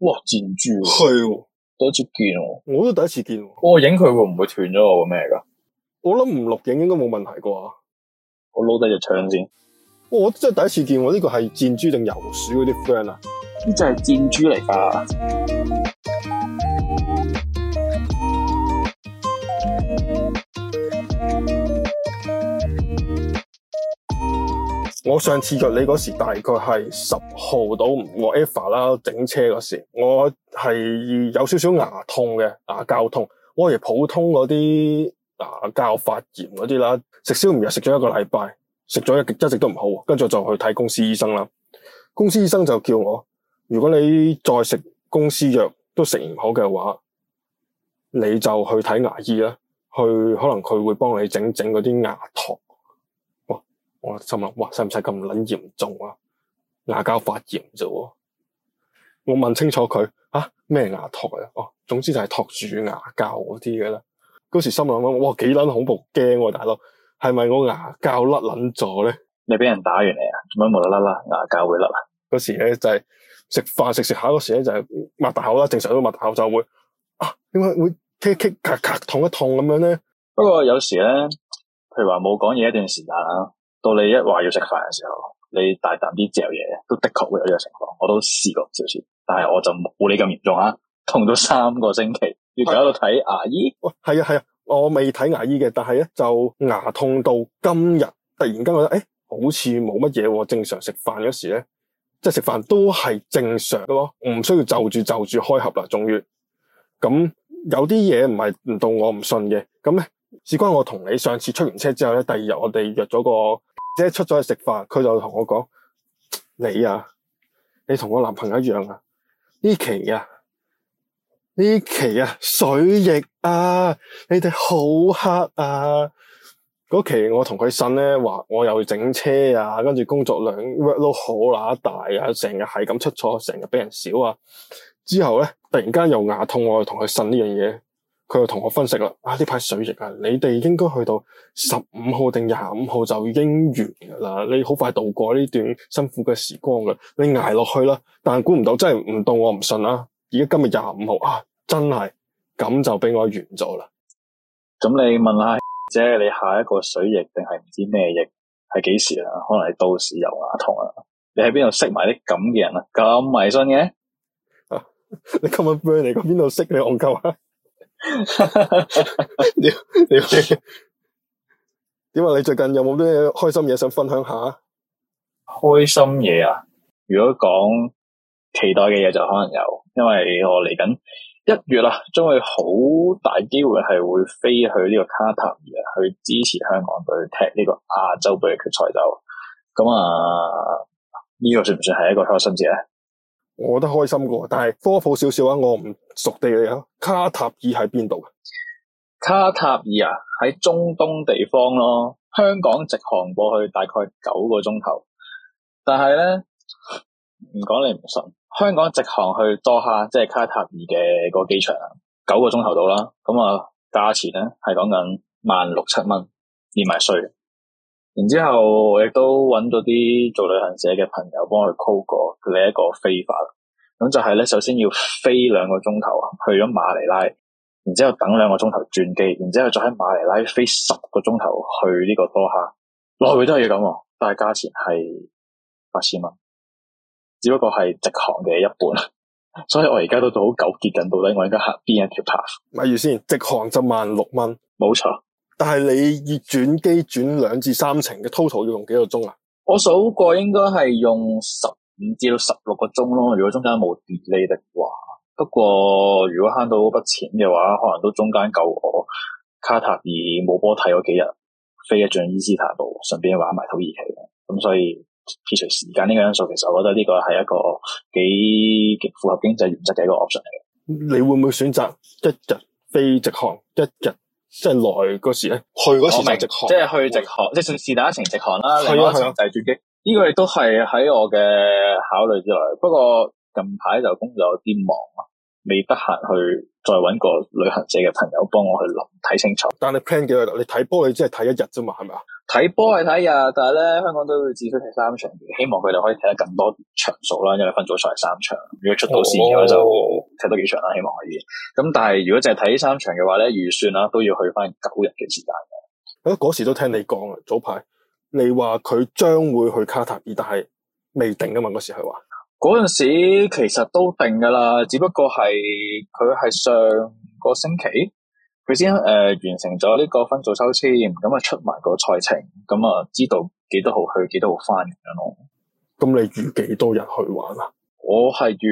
哇！箭豬係哦，的第一次見我，我都第一次見。我影佢會唔會斷咗我啊？咩嚟噶？我諗唔錄影應該冇問題啩。我攞低隻槍先。我真係第一次見我，我、這、呢個係箭豬定游鼠嗰啲 friend 啊？呢隻係箭豬嚟噶。我上次約你嗰時，大概係十號到禾 Eva 啦，整車嗰時，我係有少少牙痛嘅牙膠痛。我以為普通嗰啲牙膠發炎嗰啲啦，食消炎藥食咗一個禮拜，食咗一一直都唔好，跟住就去睇公司醫生啦。公司醫生就叫我，如果你再食公司藥都食唔好嘅話，你就去睇牙醫啦，去可能佢會幫你整整嗰啲牙托。我心諗，哇，使唔使咁捻嚴重啊？牙膠發炎啫？我問清楚佢，吓咩牙托啊？哦，總之就係托住牙膠嗰啲嘅啦。嗰時心諗諗，哇，幾捻恐怖驚啊！大佬，係咪我牙膠甩捻咗咧？你俾人打完嚟啊？點解冇得甩啦？牙膠會甩啊？嗰時咧就係食飯食食下，嗰時咧就係擘大口啦，正常都擘大口就會啊，點解會咔咔咔痛一痛咁樣咧？不過有時咧，譬如話冇講嘢一段時間啊。到你一話要食飯嘅時候，你大啖啲嚼嘢，都的確會有呢個情況。我都試過少少，但係我就冇你咁嚴重啊，痛咗三個星期，要搞到睇牙醫。喂、啊，係啊係啊，我未睇牙醫嘅，但係咧就牙痛到今日，突然間覺得誒、欸，好似冇乜嘢，正常食飯嗰時咧，即係食飯都係正常咯，唔需要就住就住開合啦。終於，咁有啲嘢唔係唔到我唔信嘅，咁咧。事關我同你上次出完車之後咧，第二日我哋約咗個即係出咗去食飯，佢就同我講：你啊，你同我男朋友一樣啊，呢期啊，呢期啊，水逆啊，你哋好黑啊！嗰期我同佢呻咧，話我又整車啊，跟住工作量 work load 好乸大啊，成日係咁出錯，成日俾人笑啊。之後咧，突然間又牙痛，我同佢呻呢樣嘢。佢又同我分析啦，啊呢排水逆啊，你哋應該去到十五號定廿五號就已經完噶啦，你好快渡過呢段辛苦嘅時光噶，你挨落去啦。但係估唔到真係唔到，我唔信啦。而家今日廿五號啊，真係咁就俾我完咗啦。咁你問下啫，你下一個水逆定係唔知咩逆係幾時啦？可能係到時又牙痛啦。你喺邊度識埋啲咁嘅人啊？咁迷信嘅、啊？你今日 friend 嚟噶，邊度識你戇鳩啊？ 屌，點啊？ 你最近有冇咩開心嘢，想分享下？開心嘢啊！如果講期待嘅嘢就可能有，因為我嚟緊一月啦，將會好大機會係會飛去呢個卡塔爾去支持香港隊踢呢個亞洲盃嘅決賽，就咁啊，呢個算唔算係一個開心事咧？我都開心過，但係科普少少啊，我唔熟地理啊。卡塔爾喺邊度？卡塔爾啊，喺中東地方咯。香港直航過去大概九個鐘頭，但係咧，唔講你唔信，香港直航去多哈，即係卡塔爾嘅個機場，九個鐘頭到啦。咁啊，價錢咧係講緊萬六七蚊，連埋稅。然之後我亦都揾到啲做旅行社嘅朋友幫佢 call 過另一個飛法，咁就係咧，首先要飛兩個鐘頭去咗馬尼拉，然之後等兩個鐘頭轉機，然之後再喺馬尼拉飛十個鐘頭去呢個多哈，來回、哦、 都係要咁，但係價錢係八千蚊，只不過係直航嘅一半， 所以我而家都好糾結緊，到底我而家行邊一條 path？例如先直航就萬六蚊，冇錯。但係你要轉機轉兩至三程嘅 total 要用幾個鐘啊？我數過應該係用十五至到十六個鐘咯，如果中間冇 delay 嘅話。不過如果慳到嗰筆錢嘅話，可能都中間夠我卡塔爾冇波睇嗰幾日，飛一轉伊斯坦堡，順便玩埋土耳其嘅。咁所以撇除時間呢個因素，其實我覺得呢個係一個幾符合經濟原則嘅一個 option 嚟嘅。你會唔會選擇一日飛直航，一日？即係來嗰時咧，去嗰時就直航，即係去直航。喂即算是打一程直航啦。去咗上啊，就係轉機，呢個亦都係喺我嘅考慮之內。不過近排就工作有啲忙。未得閒去再搵個旅行社嘅朋友幫我去諗睇清楚。但係 plan 幾耐？你睇波你只係睇一日啫嘛，係咪啊？睇波係睇日，但係咧香港都會至少睇三場嘅。希望佢哋可以睇得更多場數啦，因為分組賽係三場。如果出到線嘅話，哦、就睇多幾場啦。希望可以。咁但係如果淨係睇三場嘅話咧，預算啦都要去翻九日嘅時間嘅。我嗰時都聽你講啊，早排你話佢將會去卡塔爾，但係未定啊嘛，嗰時佢話。嗰陣時其實都定噶啦，只不過係佢係上個星期佢先誒完成咗呢個分組抽簽，咁啊出埋個賽程，咁啊知道幾多號去幾多號返咁樣咯。咁你預幾多日去玩啊？我係預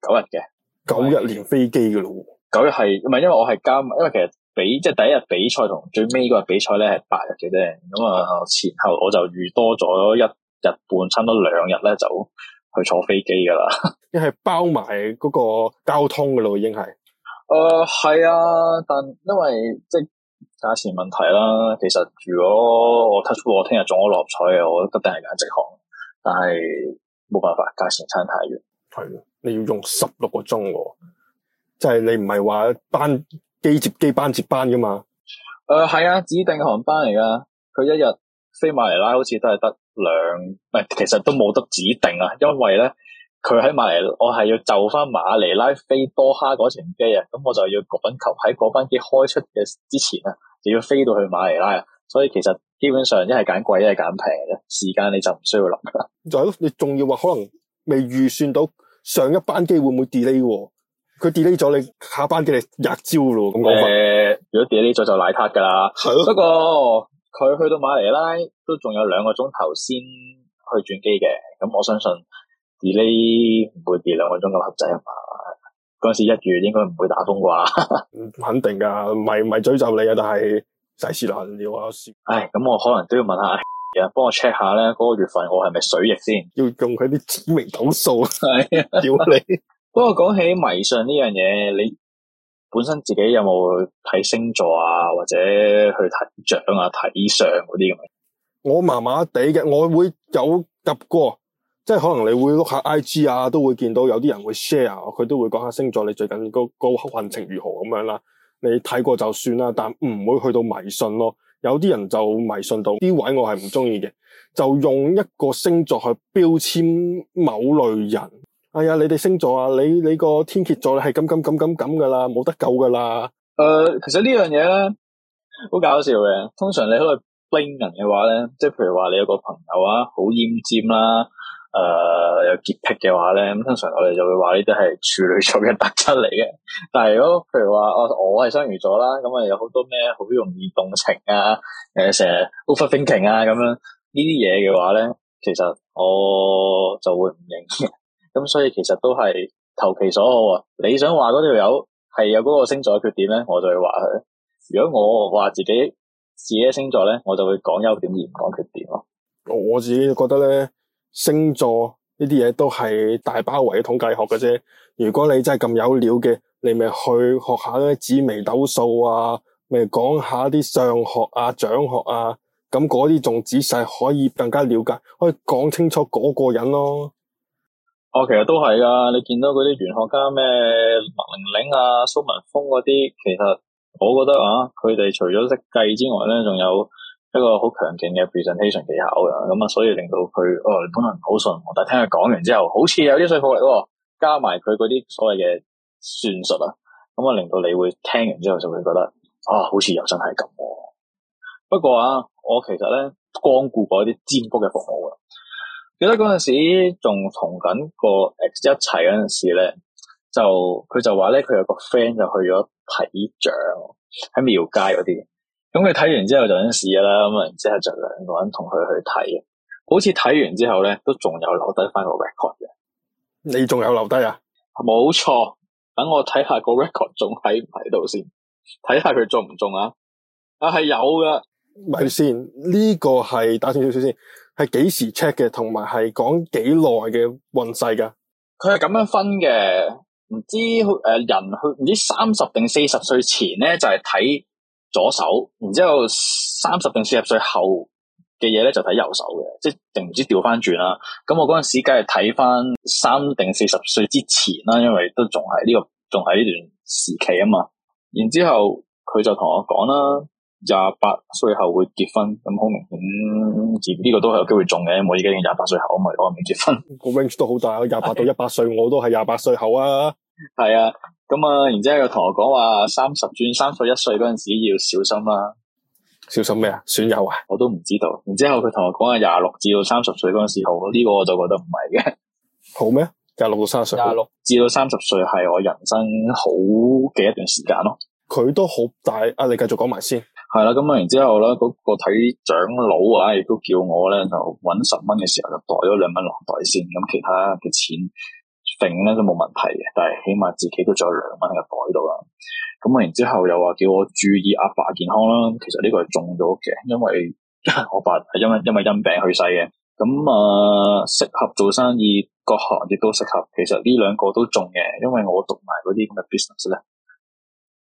九日嘅，九日連飛機噶咯。九日係唔係因為我係加密，因為其實比即係第一日比賽同最尾嗰日比賽咧係八日嘅啫。咁、嗯、啊前後我就預多咗一日半，差唔多兩日咧就。去坐飛機噶啦，因係包埋嗰個交通噶咯，已經係。誒，係啊，但因為即係價錢問題啦。其實如果我 touch 我聽日中咗六合彩，我一定係揀直航，但係冇辦法，價錢差太遠。係啊，你要用十六個鐘，即係你唔係話班機接機班接班噶嘛？誒、呃，係啊，指定航班嚟噶。佢一日飛馬尼拉，好似都係得。兩唔其實都冇得指定啊，因為咧佢喺馬嚟，我係要就翻馬尼拉飛多哈嗰程機啊，咁我就要趕求喺嗰班機開出嘅之前啊，就要飛到去馬尼拉啊，所以其實基本上一係揀貴一係揀平咧，時間你就唔需要諗噶啦。就係你仲要話可能未預算到上一班機會唔會 delay，佢 delay 咗你下班機你廿朝咯咁講法。誒、呃，如果 delay 咗就邋遢噶啦，不過的。佢去到馬尼拉都仲有兩個鐘頭先去轉機嘅，咁我相信 delay 唔會 delay 兩個鐘咁合仔係嘛？嗰時一月應該唔會打風啩，肯定噶，唔係唔係詛咒你啊，ün, 但係世事難料啊、哎！唉，咁我可能都要問下，幫我 check 下咧，嗰個月份我係咪水逆先？要用佢啲指明抖數係啊，屌你！不過講起迷信呢樣嘢，你。本身自己有冇睇星座啊，或者去睇掌啊、睇相嗰啲咁嘅？我麻麻哋嘅，我會有及過，即係可能你會碌下 I G 啊，都會見到有啲人會 share，佢都會講下星座你最近、嗰個、嗰個運程如何咁樣啦。你睇過就算啦，但唔會去到迷信咯。有啲人就迷信到啲位，我係唔中意嘅，就用一個星座去標籤某類人。係啊、哎，你哋星座啊，你你個天蠍座係咁咁咁咁咁噶啦，冇得救噶啦。誒、呃，其實呢樣嘢咧，好搞笑嘅。通常你如果係冰人嘅話咧，即係譬如話你有個朋友啊，好奄尖啦，誒、呃，有潔癖嘅話咧，咁通常我哋就會話呢啲係處女座嘅特質嚟嘅。但係如果譬如話、哦、我我係雙魚座啦，咁啊有好多咩好容易動情啊，誒、呃，成日 overthinking 啊，咁樣呢啲嘢嘅話咧，其實我就會唔認 咁所以其實都係投其所好啊。你想話嗰條友係有嗰個星座嘅缺點咧，我就會話佢。如果我話自己自己嘅星座咧，我就會講優點而唔講缺點咯。我自己覺得咧，星座呢啲嘢都係大包圍嘅統計學嘅啫。如果你真係咁有料嘅，你咪去學下啲紫微斗數啊，咪講下啲相學啊、掌學啊。咁嗰啲仲仔細，可以更加了解，可以講清楚嗰個人咯。我、哦、其實都係噶，你見到嗰啲玄學家咩麥玲玲啊、蘇文峰嗰啲，其實我覺得啊，佢哋除咗識計之外咧，仲有一個好強勁嘅 presentation 技巧嘅，咁啊，所以令到佢啊，可能好順，但係聽佢講完之後，好似有啲說服力喎，加埋佢嗰啲所謂嘅算術啊，咁啊，令到你會聽完之後就會覺得啊，好似又真係咁、啊。不過啊，我其實咧光顧過一啲占卜嘅服務啊。記得嗰陣時仲同緊個 x 一齊嗰陣時咧，就佢就話咧，佢有個 friend 就去咗睇相，喺廟街嗰啲，咁佢睇完之後就想試啦，咁啊，然後之後就兩個人同佢去睇，好似睇完之後咧都仲有留低翻個 record 嘅。你仲有留低啊？冇錯，等我睇下個 record 仲喺唔喺度先，睇下佢中唔中啊？啊，係有噶，咪先呢個係打少少先。係幾時 check 嘅，同埋係講幾耐嘅運勢㗎？佢係咁樣分嘅，唔知誒、呃、人去唔知三十定四十歲前咧就係、是、睇左手，然之後三十定四十歲後嘅嘢咧就睇右手嘅，即係定唔知調翻轉啦。咁我嗰陣時梗係睇翻三定四十歲之前啦，因為都仲係呢個仲係呢段時期啊嘛。然之後佢就同我講啦。廿八歲後會結婚，咁好明顯，呢、嗯這個都係有機會中嘅。我而家已經廿八歲後，咪我未結婚。個 range 都好大，廿八到一百歲，我都係廿八歲後啊。係啊，咁啊，然之後佢同我講話三十轉三十一歲嗰陣時要小心啦、啊。小心咩啊？損友啊？我都唔知道。然之後佢同我講話廿六至到三十歲嗰陣時好，呢、這個我就覺得唔係嘅。好咩？廿六到三十歲。廿六至到三十歲係我人生好嘅一段時間咯、啊。佢都好大，啊，你繼續講埋先。係啦，咁啊，然之後咧，嗰、那個睇掌佬啊，亦都叫我咧就揾十蚊嘅時候就袋咗兩蚊落袋先，咁其他嘅錢定咧都冇問題嘅。但係起碼自己都仲有兩蚊喺個袋度啦。咁啊，然之後，後又話叫我注意阿爸、爸健康啦。其實呢個係中咗嘅，因為 我爸係因為因為因、因為因病去世嘅。咁啊、呃，適合做生意，各行各業都適合。其實呢兩個都中嘅，因為我讀埋嗰啲咁嘅 business 咧，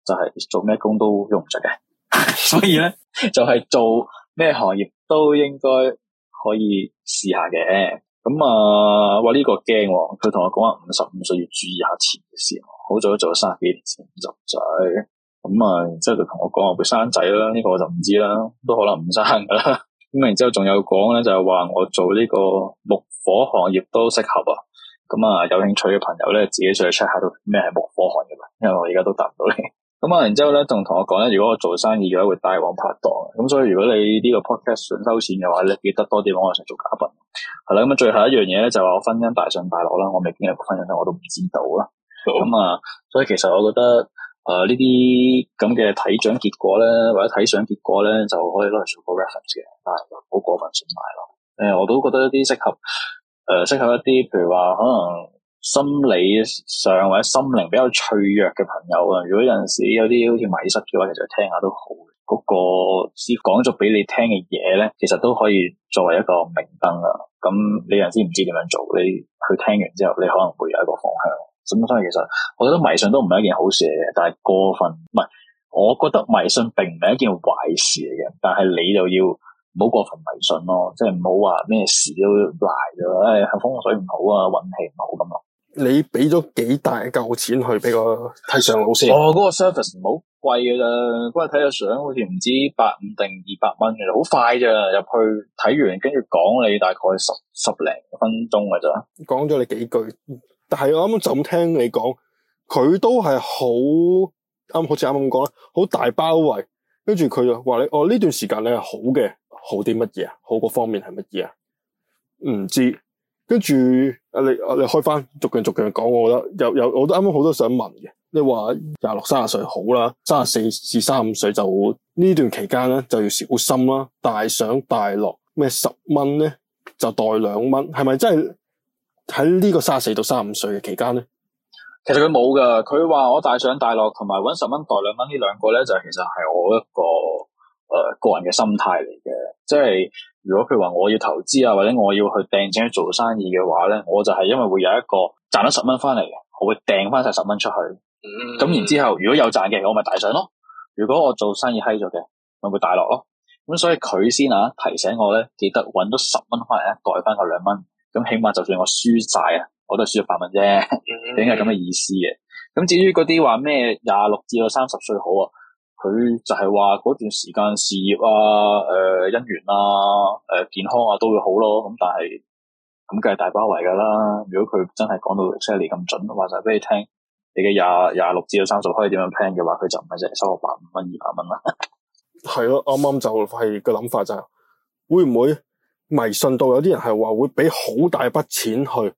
就係、是、做咩工都用唔着嘅。 所以咧，就係、是、做咩行業都應該可以試下嘅。咁啊、呃，哇呢、這個驚喎，佢同我講話五十五歲要注意下錢嘅事。好早都做咗三十幾年，前，五十仔咁啊。然之後就同我講話會生仔啦，呢、這個我就唔知啦，都可能唔生噶啦。咁啊，然之後仲有講咧，就係、是、話我做呢個木火行業都適合啊。咁啊，有興趣嘅朋友咧，自己再 check 下都咩係木火行業啊？因為我而家都答唔到你。咁啊，然之後咧仲同我講咧，如果我做生意，嘅話會帶往拍檔，咁所以如果你呢個 podcast 想收錢嘅話，你記得多啲往我上做嘉賓，係啦。咁啊，最後一樣嘢咧就話我婚姻大上大落啦。我未經歷過婚姻，我都唔知道啦。咁啊的，所以其實我覺得誒呢啲咁嘅睇獎結果咧，或者睇獎結果咧，就可以攞嚟做個 reference 嘅，但係唔好過分信賴咯。誒、呃，我都覺得一啲適合誒、呃，適合一啲，譬如話可能。心理上或者心靈比較脆弱嘅朋友啊，如果有陣時有啲好似迷失嘅話，其實聽下都好。嗰、那個講咗俾你聽嘅嘢咧，其實都可以作為一個明燈啊。咁你有陣時唔知點樣做，你去聽完之後，你可能會有一個方向。咁所以其實我覺得迷信都唔係一件好事嚟嘅，但係過分唔係。我覺得迷信並唔係一件壞事嚟嘅，但係你就要唔好過分迷信咯，即係唔好話咩事都賴咗，唉、哎，風水唔好啊，運氣唔好咁咯。你俾咗幾大嚿錢去俾個睇相老師？哦，嗰、嗰個 service 唔好貴嘅啫，嗰日睇個相好似唔知百五定二百蚊，好快咋，入去睇完跟住講你大概十十零分鐘嘅咋。講咗你幾句。但係我啱啱就咁聽你講，佢都係好啱，好似啱啱咁講啦，好大包圍，跟住佢就話你哦，呢段時間你係好嘅。好啲乜嘢啊？好個方面係乜嘢啊？唔知。跟住，你你開翻逐句逐句講，我覺得又又，我都啱啱好多想問嘅。你話廿六、卅歲好啦，卅四至卅五歲就呢段期間咧，就要小心啦，大上大落咩？十蚊咧就代兩蚊，係咪真係喺呢個卅四到卅五歲嘅期間咧？其實佢冇噶，佢話我大上大落，同埋揾十蚊代兩蚊呢兩個咧，就其實係我一個誒、呃、個人嘅心態嚟嘅，即係。如果佢話我要投資啊，或者我要去掟錢去做生意嘅話咧，我就係因為會有一個賺咗十蚊翻嚟嘅，我會掟翻晒十蚊出去。咁、嗯、然之後，如果有賺嘅，我咪大上咯；如果我做生意閪咗嘅，咪會大落咯。咁所以佢先啊，提醒我咧，記得揾到十蚊翻嚟咧，袋翻頭兩蚊。咁起碼就算我輸晒啊，我都係輸咗八蚊啫。應該係咁嘅意思嘅。咁至於嗰啲話咩廿六至到三十歲好啊？佢就係話嗰段時間事業啊、誒、呃、姻緣啊、誒、呃、健康啊都會好咯，咁但係咁梗係大包圍噶啦。如果佢真係講到 exactly 咁準，話晒俾你聽，你嘅廿廿六至到三十可以點樣 plan 嘅話，佢就唔係淨係收六百五蚊、二百蚊啦。係 咯，啱啱就係個諗法就係，是，會唔會迷信到有啲人係話會俾好大筆錢去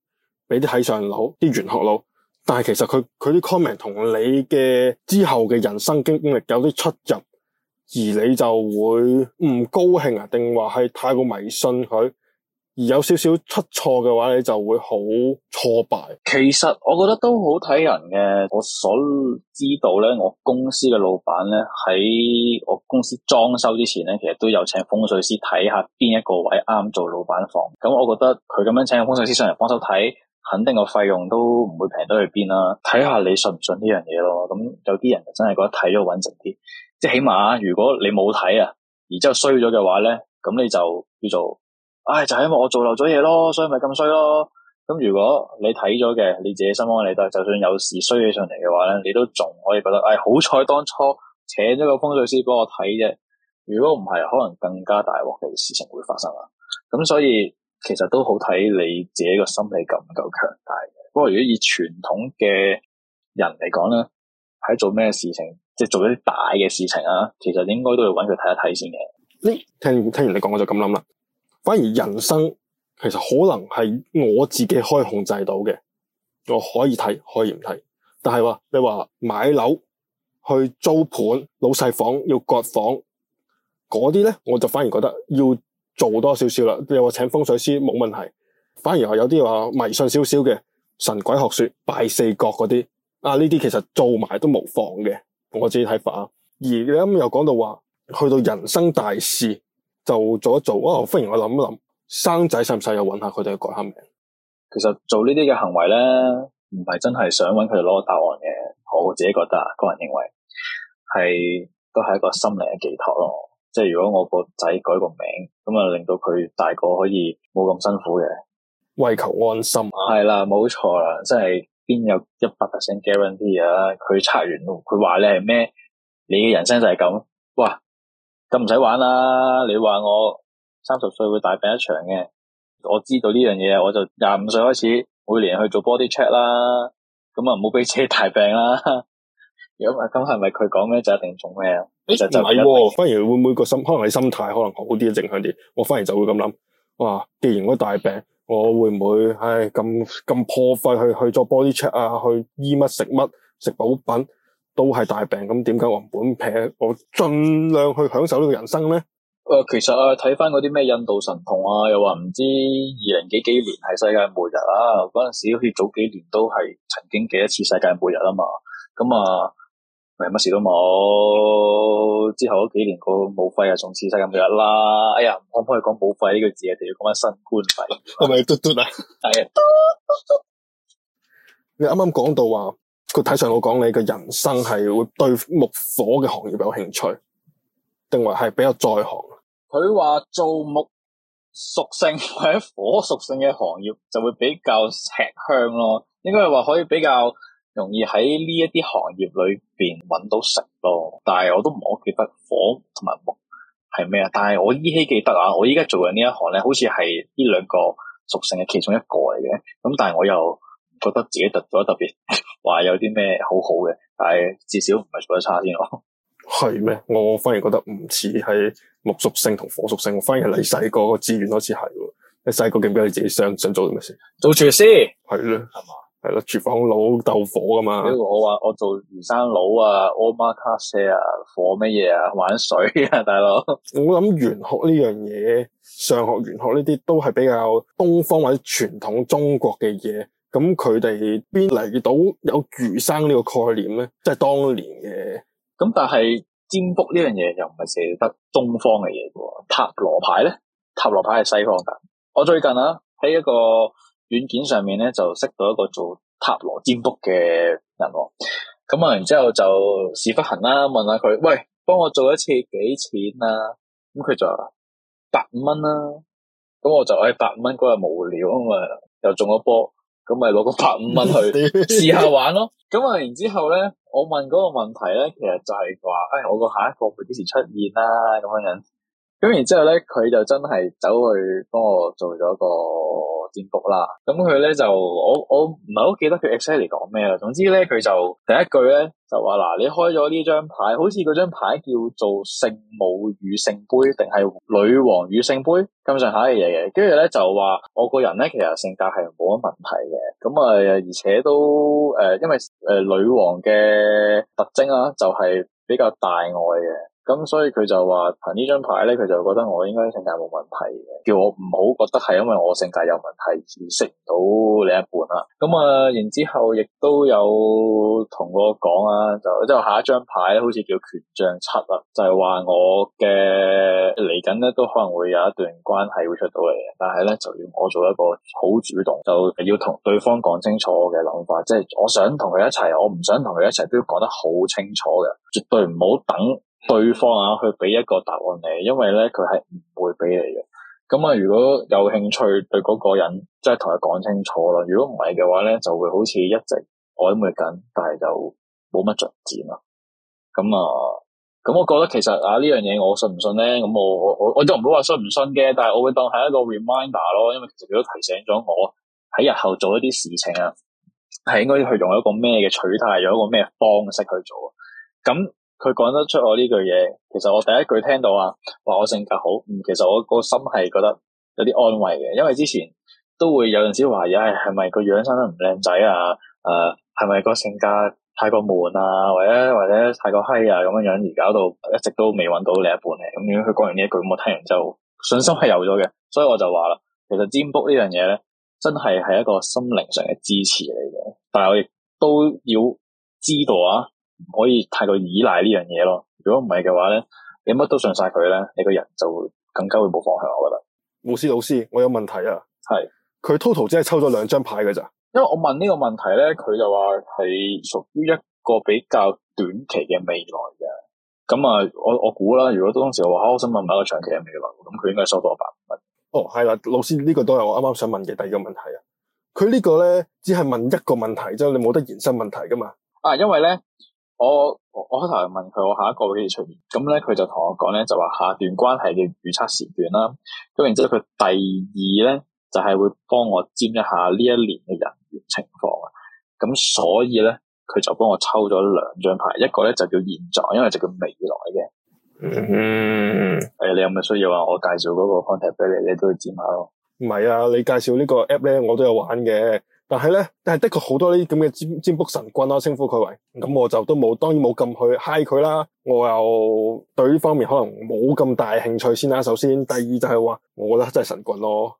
俾啲喺上佬、啲玄學佬？但係其實佢佢啲 comment 同你嘅之後嘅人生經歷有啲出入，而你就會唔高興啊？定話係太過迷信佢，而有少少出錯嘅話，你就會好挫敗。其實我覺得都好睇人嘅。我所知道咧，我公司嘅老闆咧，喺我公司裝修之前咧，其實都有請風水師睇下邊一個位啱做老闆房。咁我覺得佢咁樣請風水師上嚟幫手睇。肯定個費用都唔會平到去邊啦，睇下你信唔信呢樣嘢咯。咁有啲人就真係覺得睇咗穩陣啲，即係起碼如果你冇睇啊，然之後衰咗嘅話咧，咁你就叫做，唉、哎，就係、是、因為我做漏咗嘢咯，所以咪咁衰咯。咁如果你睇咗嘅，你自己心安理得，就算有事衰起上嚟嘅話咧，你都仲可以覺得，唉、哎，好彩當初請咗個風水師幫我睇啫。如果唔係，可能更加大鑊嘅事情會發生啊。咁所以。其實都好睇你自己個心理夠唔夠強大嘅。不過如果以傳統嘅人嚟講咧，喺做咩事情，即係做一啲大嘅事情啊，其實應該都要揾佢睇一睇先嘅。你聽聽完你講，我就咁諗啦。反而人生其實可能係我自己可以控制到嘅，我可以睇可以唔睇。但係話你話買樓去租盤老細房要割房嗰啲咧，我就反而覺得要做多少少啦，又話請風水師冇問題，反而係有啲話迷信少少嘅神鬼學說、拜四角嗰啲，啊呢啲其實做埋都無妨嘅，我自己睇法啊。而你啱又講到話，去到人生大事就做一做，哦，忽然我諗一諗，生仔使唔使又揾下佢哋改下名？其實做呢啲嘅行為咧，唔係真係想揾佢哋攞個答案嘅，我自己覺得個人認為係都係一個心靈嘅寄託咯。即係如果我個仔改個名，咁啊令到佢大個可以冇咁辛苦嘅，為求安心啊，係啦，冇錯啦，即係邊有一百 percent guarantee 啊？佢測完，佢話你係咩？你嘅人生就係咁，哇咁唔使玩啦！你話我三十歲會大病一場嘅，我知道呢樣嘢我就廿五歲開始每年去做 body check 啦，咁啊唔好俾自己大病啦。如果咁係咪佢講嘅就一定中咩啊？唔係咦、啊，反而會唔會個心，可能你心態可能好啲，正向啲。我反而就會咁諗，哇！既然我大病，我會唔會唉咁咁破費去去做 body check 啊？去醫乜食乜食補品，都係大病。咁點解我唔本撇？我盡量去享受呢個人生咧。誒、呃，其實啊，睇翻嗰啲咩印度神童啊，又話唔知二零幾幾年係世界末日啊。嗰陣時好似早幾年都係曾經幾一次世界末日啊嘛。咁啊。咪乜事都冇，之後嗰幾年個武肺啊，仲黐晒咁多啦。哎呀，唔唔好去講武肺呢個字啊，一定要講翻新冠肺，係咪嘟嘟啊？係啊。你啱啱講到話，佢睇上我講你嘅人生係會對木火嘅行業有興趣，定或係比較在行。佢話做木屬性或者火屬性嘅行業，就會比較吃香咯。應該係話可以比較。容易喺呢一啲行業裏邊揾到食咯，但係我都唔係好記得火同埋木係咩啊。但係我依稀記得啊，我依家做緊呢一行咧，好似係呢兩個屬性嘅其中一個嚟嘅。咁但係我又覺得自己特咗特別話有啲咩好好嘅，但係至少唔係做得差先咯。係咩？我反而覺得唔似係木屬性同火屬性，我反而係你細個嘅志願好似係喎。你細個勁俾你自己想想做啲咩事？做廚師係啦，係嘛？係廚房佬斗火噶嘛？比如我話我做魚生佬啊，阿媽卡蛇啊，火乜嘢啊，玩水啊，大佬。我諗玄學呢樣嘢，上學玄學呢啲都係比較東方或者傳統中國嘅嘢。咁佢哋邊嚟到有魚生呢個概念咧？即係當年嘅。咁但係占卜呢樣嘢又唔係寫得東方嘅嘢喎？塔羅牌咧，塔羅牌係西方噶。我最近啊，喺一個。軟件上面咧就識到一個做塔羅占卜嘅人喎，咁啊然之後就屎忽痕啦，問下佢，喂，幫我做一次幾錢啊？咁佢就話百五蚊啦，啊，咁我就誒、哎、百五蚊嗰日無聊啊嘛，又中咗波，咁咪攞個百五蚊去試下玩咯。咁啊然之後咧，我問嗰個問題咧，其實就係話，誒、哎、我個下一個會幾時出現啦，啊、咁樣樣。咁然之後咧，佢就真係走去幫我做咗個。占卜啦，咁佢咧就我我唔係好記得佢 exactly 講咩啦。總之咧，佢就第一句咧就話，嗱，你開咗呢張牌，好似嗰張牌叫做聖母與聖杯，定係女王與聖杯咁上下嘅嘢嘅。跟住咧就話我個人咧其實性格係冇乜問題嘅，咁、嗯、啊而且都誒、呃，因為誒、呃、女王嘅特徵啦、啊，就係、是、比較大愛嘅。咁所以佢就話憑呢張牌咧，佢就覺得我應該性格冇問題嘅，叫我唔好覺得係因為我性格有問題而識唔到另一半啦。咁啊，然之後亦都有同我講啊，就即係下一張牌好似叫權杖七啦，就係話我嘅嚟緊咧都可能會有一段關係會出到嚟，但係咧就要我做一個好主動，就要同對方講清楚我嘅諗法，即係我想同佢一齊，我唔想同佢一齊都要講得好清楚嘅，絕對唔好等。對方啊，去俾一個答案你，因為咧佢係唔會俾你嘅。咁啊，如果有興趣對嗰個人，即係同佢講清楚咯。如果唔係嘅話咧，就會好似一直曖昧緊，但係就冇乜進展咯。咁啊，咁我覺得其實啊呢樣嘢我信唔信咧？咁我我我都唔好話信唔信嘅，但係我會當係一個 reminder 咯，因為其實佢都提醒咗我喺日後做一啲事情啊，係應該去用一個咩嘅取態，用一個咩方式去做啊？咁。佢講得出我呢句嘢，其實我第一句聽到啊，話我性格好，嗯，其實我個心係覺得有啲安慰嘅，因為之前都會有陣時懷疑係咪個樣生得唔靚仔啊，誒、啊，係咪個性格太過悶啊，或者或者太過閪啊咁樣樣，而搞到一直都未揾到另一半嚟。咁樣佢講完呢一句，咁我聽完之後就信心係有咗嘅，所以我就話啦，其實占卜呢樣嘢咧，真係係一個心靈上嘅支持嚟嘅，但係我亦都要知道啊。唔可以太過依賴呢樣嘢咯。如果唔係嘅話咧，你乜都信晒佢咧，你個人就更加會冇方向。我覺得。老師，老師，我有問題啊。係佢 total 只係抽咗兩張牌噶咋。因為我問呢個問題咧，佢就話係屬於一個比較短期嘅未來嘅。咁啊，我我估啦。如果當時我話，我想問埋一個長期嘅未來，咁佢應該收多一百蚊。哦，係啦，老師呢個都係我啱啱想問嘅第二個問題啊。佢呢個咧，只係問一個問題，即係你冇得延伸問題噶嘛。啊，因為咧。我我開頭就問佢，我下一個會幾時出現？咁咧佢就同我講咧，就話下段關係嘅預測時段啦，咁然之後佢第二咧就係會幫我佔一下呢一年嘅人員情況啊，咁所以咧佢就幫我抽咗兩張牌，一個咧就叫現在，一個就叫未來嘅。嗯哼，誒、欸，你有冇需要呀，我介紹嗰個 contact 俾你，你都要佔下咯。唔係啊，你介紹呢個 app 咧，我都有玩嘅。但係咧，但係的確好多呢啲咁嘅占占卜神棍、啊，我稱呼佢為，咁我就都冇，當然冇咁去 high 佢啦。我又對呢方面可能冇咁大興趣先啦。首先，第二就係話，我覺得真係神棍咯。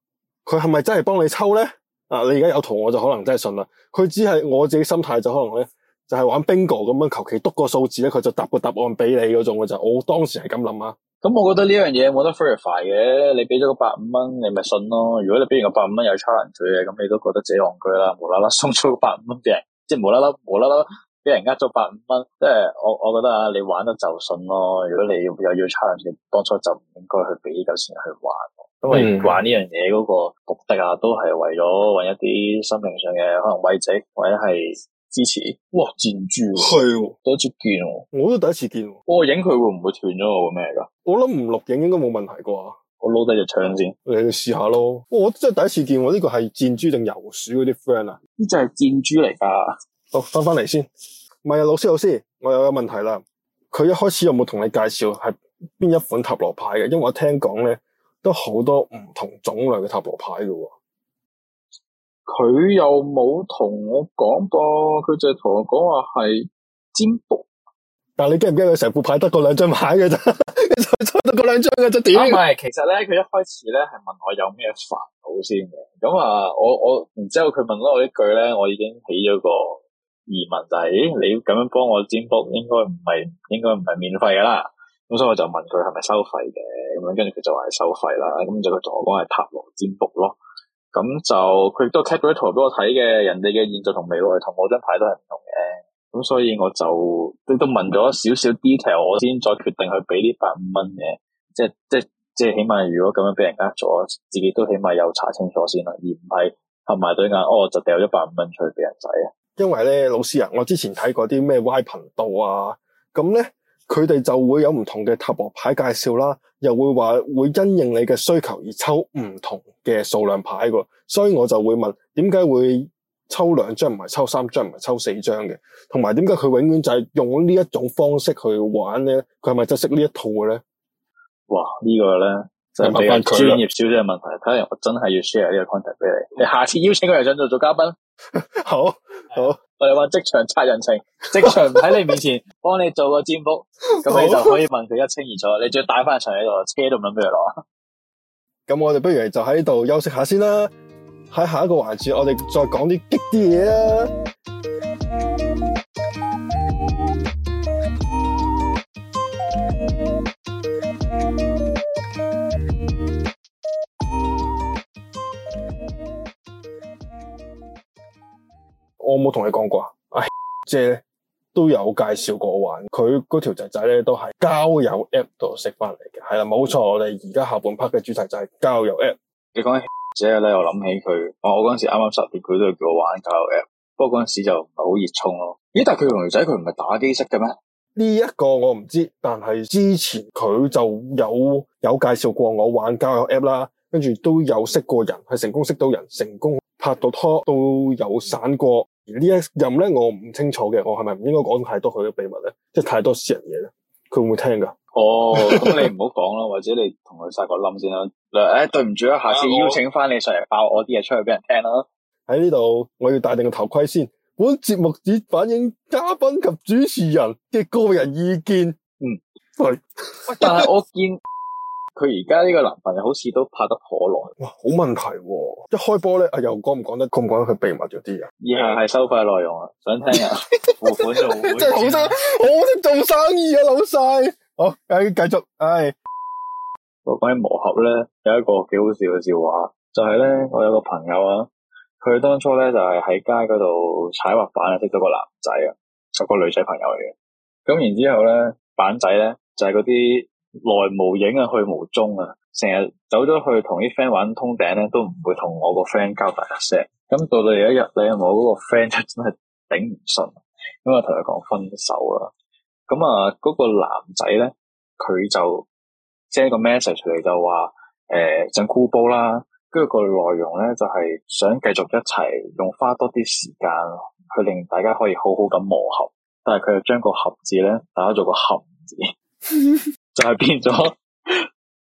佢係咪真係幫你抽咧？啊，你而家有圖我就可能真係信啦。佢只係我自己心態就可能咧，就係、是、玩 bingo 咁樣個，求其篤個數字咧，佢就答個答案俾你嗰種嘅就，我當時係咁諗啊。咁、嗯嗯、我覺得呢樣嘢冇得 verify 嘅，你俾咗個百五蚊，你咪信咯。如果你俾完個百五蚊又 challenge 嘅，咁你都覺得自己戇居啦，無啦啦送咗個百五蚊俾人，即係無啦啦無啦啦俾人呃咗百五蚊，即係我我覺得啊，你玩得就信咯。如果你又要 challenge，當初就唔應該去俾呢嚿錢去玩，因為玩呢樣嘢嗰個目的啊，都係為咗搵一啲生命上嘅可能慰藉，或者係。支持哇！箭豬係第一次見，我都第一次見我。我影佢會唔會斷咗我個咩噶？我諗唔錄影應該冇問題啩。我攞低隻槍先，你哋試下咯。我真係第一次見，我呢個係箭豬定游鼠嗰啲 friend 啊？呢隻係箭豬嚟噶。好翻翻嚟先。唔係啊，老師老師，我有個問題啦。佢一開始有冇同你介紹係邊一款塔羅牌嘅？因為我聽講咧，都好多唔同種類嘅塔羅牌噶。佢又冇同我講噃，佢就係同我講話係占卜。但係你驚唔驚？佢成副牌得嗰兩張牌嘅啫，得 嗰兩張嘅啫。點？唔係，其實咧，佢一開始咧係問我有咩煩惱先嘅。咁啊，我我然之後佢問咗我一句咧，我已經起咗個疑問，就係：咦，你咁樣幫我占卜，應該唔係應該唔係免費噶啦？咁所以我就問佢係咪收費嘅。咁樣跟住佢就話係收費啦。咁就佢同我講係塔羅占卜咯。咁就佢亦都 cap 咗圖俾我睇嘅，人哋嘅現在同未來同我張牌都係唔同嘅，咁所以我就亦都問咗少少 detail，我先再決定去俾呢百五蚊嘅，即係即係即係起碼如果咁樣俾人呃咗，自己都起碼有查清楚先啦，而唔係合埋對眼，哦我就掉一百五蚊出去俾人仔啊。因為咧，老師啊，我之前睇過啲咩歪頻道啊，咁咧。佢哋就會有唔同嘅塔羅牌介紹啦，又會話會因應你嘅需求而抽唔同嘅數量牌嘅，所以我就會問點解會抽兩張唔係抽三張唔係抽四張嘅，同埋點解佢永遠就係用呢一種方式去玩咧？佢係咪就識呢一套嘅咧？哇！這個、呢個咧就係問返專業少少嘅問題，睇嚟我真係要 share 呢個 c o n t a c t 俾你。你下次邀請佢嚟上做做嘉賓， 好。好，我哋話即場測人情，即 場喺你面前幫你做個占卜，咁 好你就可以問佢一清二楚。你再帶翻場喺度，車都唔諗俾佢攞。咁我哋不如就喺度休息下先啦。喺下一個環節，我哋再講啲激啲嘢啊！我冇同你講過啊！姐咧都有介紹過我玩，佢嗰條仔仔咧都係交友 app 度識翻嚟嘅，係啦，冇錯。我哋而家下半 part 嘅主題就係交，嗯嗯、交友 app。你講起姐咧，我諗起佢、哦，我嗰陣時啱啱十點，佢都叫我玩交友 app，不過嗰陣時就唔係好熱衷咯、啊。咦？但係佢同女仔佢唔係打機識嘅咩？呢一個我唔知，但係之前佢就有有介紹過我玩交友 app 啦，跟住都有識過人，係成功識到人，成功拍到拖，都有散過。呢一任咧，我唔清楚嘅，我係咪唔應該講太多佢嘅秘密咧？即係太多私人嘢咧，佢會唔會聽噶？哦，咁你唔好講咯， 或者你同佢曬個冧先啦。誒、哎，對唔住啊，下次邀請翻你上嚟爆我啲嘢出去俾人聽啦。喺呢度，我要戴定個頭盔先。本節目只反映嘉賓及主持人嘅個人意見。嗯，喂， 但係我見。佢而家呢個男朋友好似都拍得可耐，哇！好問題，哦，一開波咧，阿又講唔講得，咁唔講得佢秘密咗啲啊？以下係收費內容啊，想聽啊？我唔做，我識 做生意啊，老細，好，繼繼續，唉、哎，我講起磨合咧，有一個幾好笑嘅笑話，就係、是、咧，我有個朋友啊，佢當初咧就係、是、喺街嗰度踩滑板啊，識咗個男仔啊，十個女仔朋友嚟嘅，咁然之後咧，板仔咧就係嗰啲。來無影啊，去無蹤啊，成日走咗去同啲 friend 玩通頂咧，都唔會同我個 friend 交大一聲。咁到到有一日咧，我嗰個 friend 就真係頂唔順，咁啊同佢講分手、那個呃、啦。咁啊嗰個男仔咧，佢就 send 個 message 出嚟就話誒想箍煲啦，跟住個內容咧就係、是、想繼續一齊，用花多啲時間去令大家可以好好咁磨合，但係佢又將個合字咧打做個含字。 就係變咗，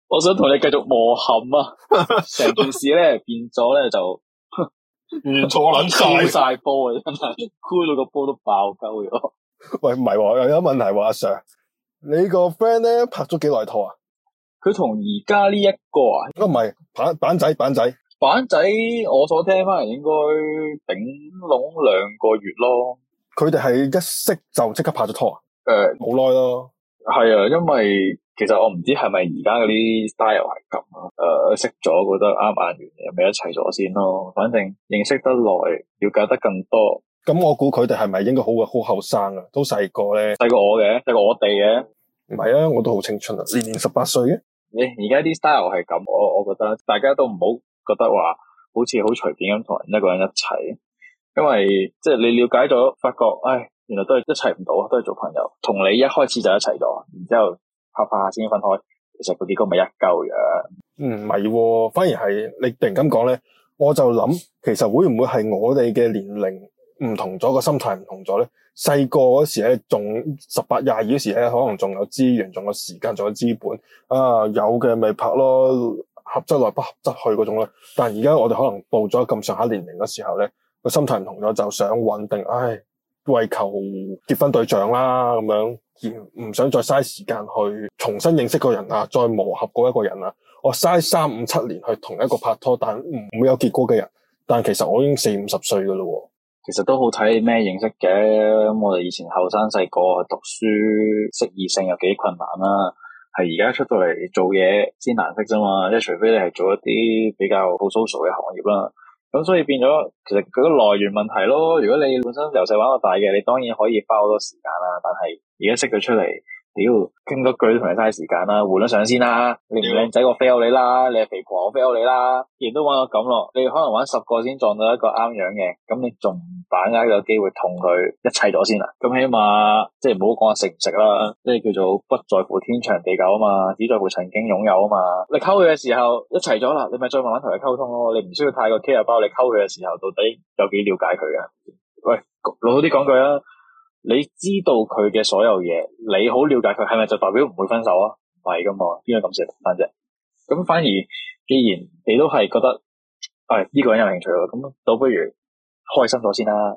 我想同你繼續磨含啊！成件事咧變咗咧就唔錯，捻晒晒波啊！真係，箍到個波都爆鳩咗。喂，唔係喎，又有問題喎、啊，阿 Sir，你個 friend 咧拍咗幾耐拖啊？佢同而家呢一個啊，應該唔係板板仔，板仔板仔，我所聽翻嚟應該頂籠兩個月咯。佢哋係一識就即刻拍咗拖啊？誒、呃，冇耐咯。係啊，因為其實我唔知係咪而家嗰啲 style 係咁啊。誒、呃，識咗覺得啱眼緣，有咪一齊咗先咯？反正認識得耐，了解得更多。咁我估佢哋係咪應該好嘅？好後生啊，都細個咧，細過我嘅，細過我哋嘅。唔係啊，我都好青春啊，年年十八歲啊？你而家啲 style 係咁，我我覺得大家都唔好覺得話好似好隨便咁同一個人一齊，因為即係、就是、你了解咗，發覺，唉。原來都係一齊唔到，都係做朋友。同你一開始就一齊咗，然之後拍拍下先分開。其實佢幾個咪一舊嘅，唔係、嗯哦，反而係你突然咁講咧，我就諗，其實會唔會係我哋嘅年齡唔同咗，個心態唔同咗咧？細個嗰時咧，仲十八廿二嗰時咧，可能仲有資源，仲有時間，仲有資本啊，有嘅咪拍咯，合則來，不合則去嗰種咧。但而家我哋可能到咗咁上下年齡嘅時候咧，個心態唔同咗，就想穩定，唉、哎。為求結婚對象啦，咁樣而唔想再嘥時間去重新認識個人啊，再磨合過一個人啊，我嘥三五七年去同一個拍拖，但唔會有結果嘅人，但其實我已經四五十歲㗎啦喎。其實都好睇咩認識嘅，咁我哋以前後生細個去讀書識異性有幾困難啦，係而家出到嚟做嘢先難識啫嘛，即係除非你係做一啲比較好 social 嘅行業啦。咁所以變咗，其實佢個來源問題咯。如果你本身由細玩到大嘅，你當然可以花好多時間啦。但係而家識佢出嚟。屌，傾多句都同你嘥時間啦，換咗上先啦，你唔靚仔我 fail 你啦，你係肥婆我 fail 你啦，亦都玩到咁咯，你可能玩十個先撞到一個啱樣嘅，咁你仲把握個機會同佢一齊咗先啦，咁起碼即係唔好講話食唔食啦，即係叫做不在乎天長地久啊嘛，只在乎曾經擁有啊嘛，你溝佢嘅時候一齊咗啦，你咪再慢慢同佢溝通咯，你唔需要太過 care 包你溝佢嘅時候到底有幾了解佢嘅，喂，攞好啲講句啊！你知道佢嘅所有嘢，你好了解佢，係咪就代表唔會分手啊？唔係噶嘛，邊有咁寫得翻啫？咁反而，既然你都係覺得誒呢、哎這個人有興趣，咁倒不如開心咗先啦。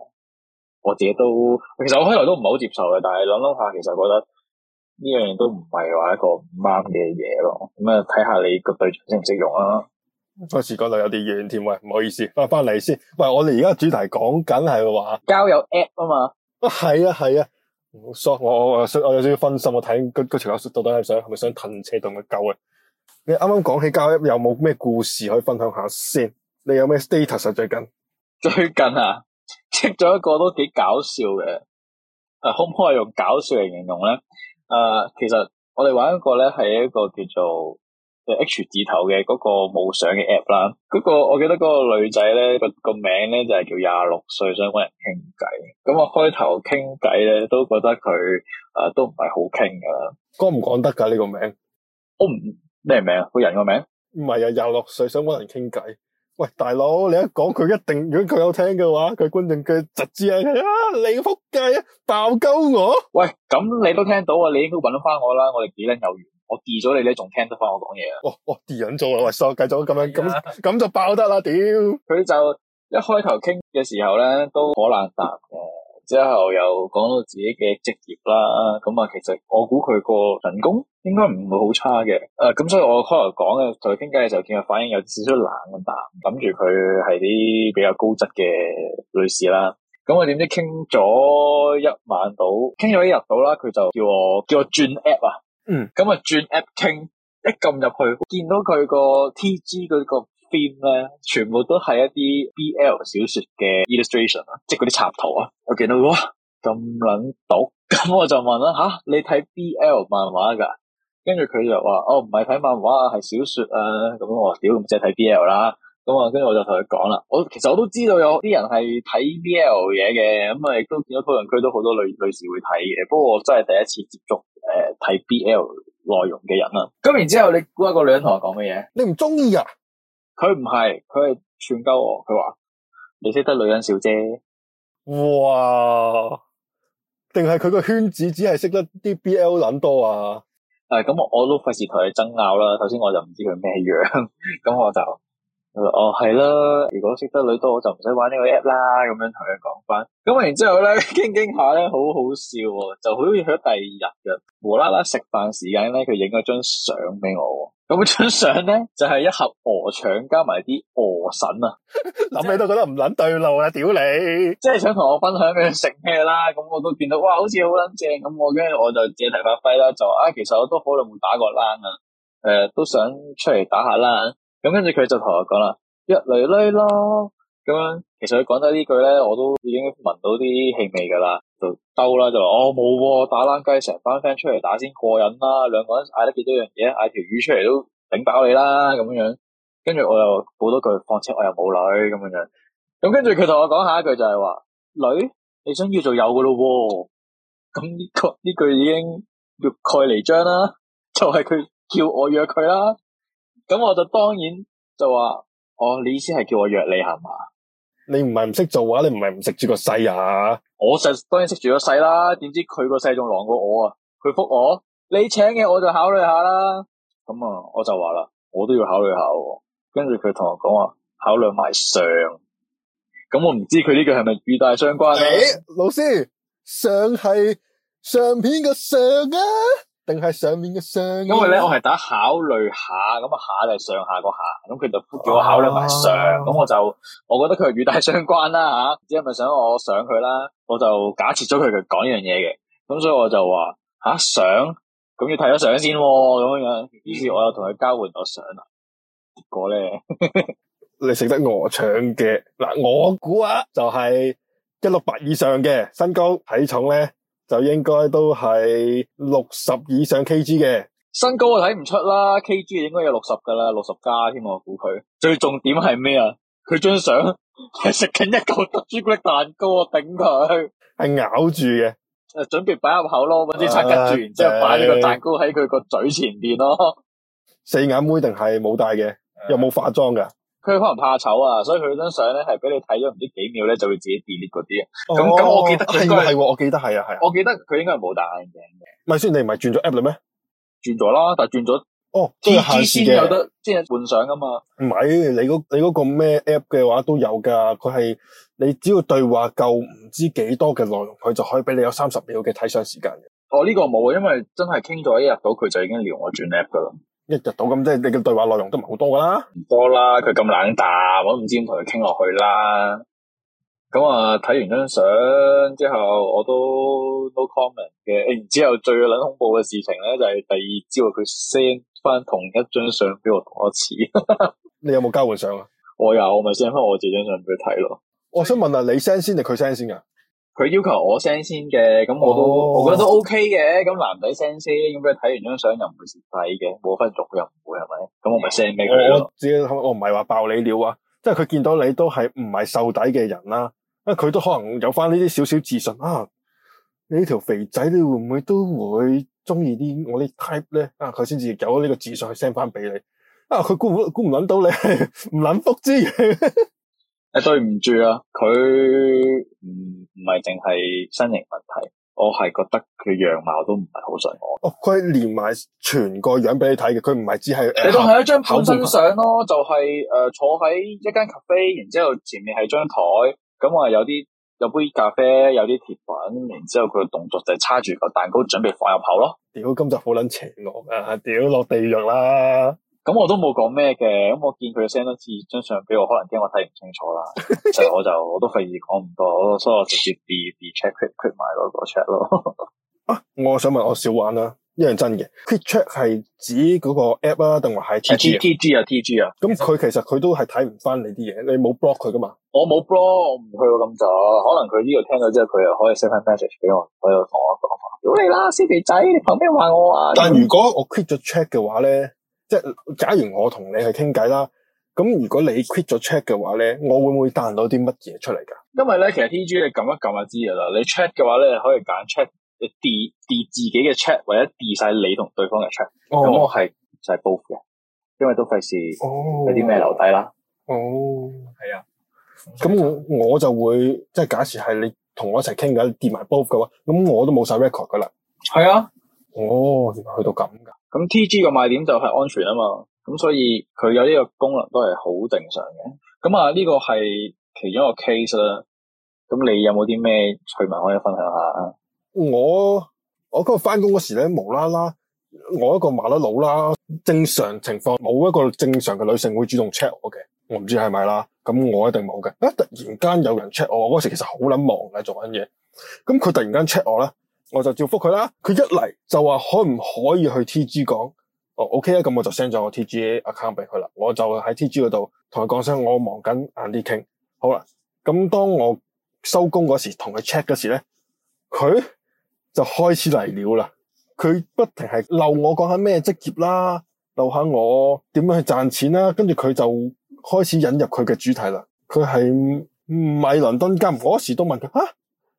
我自己都其實我開頭都唔係好接受嘅，但係諗諗下，其實覺得呢樣嘢都唔係話一個唔啱嘅嘢咯。咁啊，睇下你個對象識唔識用啦。我自覺就有啲酸甜味，唔好意思翻翻嚟先。喂，我哋而家主題講緊係話交友 app 啊嘛。啊，係啊，係啊，唔好疏我，我我有少少分心，我睇嗰嗰條友到底係想係咪想停車同佢救啊？你啱啱講起交友，有冇咩故事可以分享下先？你有咩 status 最近？最近啊，識咗一個都幾搞笑嘅，啊，可唔可以用搞笑嚟形容咧？誒、啊，其實我哋玩一個咧，係一個叫做。H 字頭嘅嗰個冇相嘅 app 啦、那個，嗰個我記得嗰個女仔咧個個名咧就係叫廿六歲想搵人傾偈，咁我開頭傾偈咧都覺得佢誒、呃、都唔係好傾噶啦，講唔講得噶呢個名？我唔咩名啊？個人個名？唔係啊，廿六歲想搵人傾偈。喂，大佬，你一講佢一定如果佢有聽嘅話，佢觀眾嘅集資人啊你個扑街啊，爆鳩、啊、我。喂，咁你都聽到啊？你應該搵到翻我啦，我哋幾撚有緣。我跌咗你，你仲聽得翻我講嘢啊！哦哦，跌緊咗啦，喂，所以繼續咁樣咁咁就爆得啦，屌！佢就一開頭傾嘅時候咧都好難答嘅，之後又講到自己嘅職業啦，咁啊，其實我估佢個人工應該唔會好差嘅，誒、啊，咁所以我開頭講嘅，同佢傾偈嘅時候，見佢反應有少少冷淡。諗住佢係啲比較高質嘅女士啦，咁我點知傾咗一晚到，傾咗一日到啦，佢就叫我叫我轉 app 啊！嗯，咁啊，轉 app 傾，一撳入去，見到佢個 T G 嗰個 theme 咧，全部都係一啲 B L 小說嘅 illustration 啊，即係嗰啲插圖啊，我見到哇咁撚毒，咁我就問啦，吓、啊、你睇 B L 漫畫㗎？跟住佢就話，哦唔係睇漫畫啊，係小說啊，咁我屌咁即係睇 B L 啦。咁啊，跟住我就同佢講啦。我其實我都知道有啲人係睇 BL 嘢嘅，咁啊亦都見到討論區都好多女女士會睇嘅。不過我真係第一次接觸誒睇 BL 內容嘅人啦。咁然之後你估一個女人同我講嘅嘢，你唔中意啊？佢唔係，佢係串鳩我。佢話你識得女人少啫。哇！定係佢個圈子只係識得啲 BL 諗多啊？誒、嗯，咁我都費事同佢爭拗啦。頭先我就唔知佢咩樣，咁我就。哦，係啦，如果識得女多，我就唔使玩呢個 app 啦。咁樣同佢講翻，咁然之後咧，傾傾下咧，好好笑喎。哦，就好似喺第二日嘅，無啦啦食飯時間咧，佢影咗張相俾我。咁張相咧就係、是、一盒鵝腸加埋啲鵝腎啊，諗 起都覺得唔捻對路啊，屌你！即係想同我分享佢食咩啦，咁我都見到，哇，好似好捻正咁，我咧我就借題發揮啦，就啊，哎，其實我都好耐冇打過籃啊，誒、呃，都想出嚟打下啦、啊。咁跟住佢就同我講啦，入嚟啦咁樣。其實佢講得呢句咧，我都已經聞到啲氣味㗎、哦啊啊、啦。就兜啦，就話我冇打冷雞，成班 friend 出嚟打先過癮啦。兩個人嗌得幾多樣嘢，嗌條魚出嚟都頂飽你啦咁樣。跟住我又補多句，況且我又冇女咁樣。咁跟住佢同我講下一句就係話女，你想要做有㗎咯喎。咁呢個呢句已經欲蓋彌彰啦，就係、是、佢叫我約佢啦。咁我就當然就話，哦，你意思係叫我約你係嘛？你唔係唔識做啊？你唔係唔識住個世啊？我就當然識住個世啦、啊。點知佢個世仲狼過我啊？佢復我，你請嘅、啊嗯，我就我考慮下啦。咁啊，我就話啦，我都要考慮下。跟住佢同我講話，考慮埋相。咁我唔知佢呢句係咪語帶相關、啊？誒、嗯欸，老師，相係相片個相啊。定係上面嘅相？因為咧，我係打考慮下，咁啊下就係上下個下，咁佢就叫我考慮埋相，咁、啊、我就我覺得佢係與大相關啦吓，唔知係咪想我上佢啦？我就假設咗佢講呢樣嘢嘅，咁所以我就話吓相，咁、啊、要睇咗相先喎，咁樣，於是我又同佢交換咗相啦，結果咧， 你食得鵝腸嘅嗱，我估啊就係一六八以上嘅身高體重咧。就應該都係六十以上 KG 嘅，身高我睇唔出啦，KG 應該有六十噶啦，六十加添我估佢。最重點係咩啊？佢張相係食緊一嚿朱古力蛋糕，頂佢係咬住嘅，誒，準備擺入口咯，嗰啲叉跟住，然之後擺呢個蛋糕喺佢個嘴前邊咯。四眼妹定係冇戴嘅？有冇化妝噶？Uh, 佢可能怕醜啊，所以佢張相咧係俾你睇咗唔知幾秒咧就會自己 delete 嗰啲啊。咁咁、哦、我記得係係，我記得係啊係。我記得佢應該係冇戴眼鏡嘅。唔係，先你唔係轉咗 app 啦咩？轉咗啦，但係轉咗哦，即限時先有得即先換相噶嘛。唔係，你嗰、那個、你個咩 app 嘅話都有噶，佢係你只要對話夠唔知幾多嘅內容，佢就可以俾你有三十秒嘅睇相時間嘅。哦，呢、這個冇啊，因為真係傾咗一日到，佢就已經撩我轉 app 噶啦。一日到咁，即係你嘅對話內容都唔係好多噶啦，唔多啦。佢咁冷淡，我都唔知點同佢傾落去啦。咁啊，睇完張相之後，我都都、no、comment 嘅。然、欸、之後最撚恐怖嘅事情咧，就係、是、第二朝佢 send 翻同一張相俾我同我似。 你有冇交換相啊？我有，我咪 send 翻我自己張相俾佢睇咯。我想問下你 send 先定佢 send 先噶？佢要求我 send 先嘅，咁我都，oh. 我覺得都 OK 嘅。咁男仔 send 先，咁佢睇完張相又唔會蝕底嘅，冇分族又唔會係咪？咁我咪 send 俾佢咯。我唔係話爆你料啊，即係佢見到你都係唔係瘦底嘅人啦，啊佢都可能有翻呢啲少少自信啊。你呢條肥仔你會唔會都會中意啲我啲 type 咧？啊，佢先至有呢個自信去 send 翻俾你。啊，佢估唔估唔諗到你唔撚 覆之 誒，對唔住啊，佢唔唔係淨係身形問題，我係覺得佢樣貌都唔係好上我。我佢、哦、連埋全個樣俾你睇嘅，佢唔係只係。你當係一張胖身相咯，就係、是、誒、呃、坐喺一間 cafe，然之後前面係張台，咁我有啲有杯咖啡，有啲甜品，然之後佢嘅動作就係叉住個蛋糕準備放入口咯。屌，今集好撚邪惡啊！屌，落地獄啦！咁我都冇講咩嘅，咁我見佢 send 多次張相俾我，可能驚我睇唔清楚啦，其實 我就我都費事講唔到，所以我直接 delete delete check 佢佢埋咯個 check 咯。啊，我想問，我少玩啦，一樣真嘅，quick check 係指嗰個 app 啊，定話係 T G T G 啊 T G 啊。咁佢、啊啊啊、其實佢都係睇唔翻你啲嘢，你冇 block 佢噶嘛？我冇 block，我唔去到咁就。可能佢呢度聽咗之後，佢又可以 send 翻 message 俾我。哎呀，我我屌你啦，死肥仔，你憑咩話我啊？但係如果我 quick 咗 check 嘅話咧？即係，假如我同你去傾偈啦，咁如果你 quit 咗 chat 嘅話咧，我會唔會彈到啲乜嘢出嚟噶？因為咧，其實 T G 你撳一撳就知噶啦。你 chat 嘅話咧，可以揀 chat，你 delete delete 自己嘅 chat 或者 delete 晒你同對方嘅 chat。哦，係就係、是、both 嘅，因為都費事、哦。哦。有啲咩留低啦？哦，係啊。咁我，、啊、我，我就會即係假設係你同我一齊傾偈 delete 埋 both 嘅話，咁我都冇晒 record 噶啦。係啊。哦，原來去到咁噶。咁 TG 嘅賣點就係安全啊嘛，咁所以佢有呢個功能都係好正常嘅。咁啊呢個係其中一個 case 啦。咁你有冇啲咩趣聞可以分享下啊？我我嗰日翻工嗰時咧，無啦啦，我一個麻甩佬啦，正常情況冇一個正常嘅女性會主動 check 我嘅，我唔知係咪啦。咁我一定冇嘅。啊，突然間有人 check 我嗰時，其實好撚忙嘅，做緊嘢。咁佢突然間 check 我咧。我就照覆佢啦。佢一嚟就話可唔可以去 T G 講？哦，OK 啊，咁我就 send 咗我 T G account 俾佢啦。我就喺 T G 嗰度同佢講聲，我忙緊，晏啲傾。好啦，咁當我收工嗰時，同佢 check 嗰時咧，佢就開始嚟了啦。佢不停係漏我講下咩職業啦，漏下我點樣去賺錢啦。跟住佢就開始引入佢嘅主題啦。佢係咪倫敦金？我嗰時都問佢吓，啊，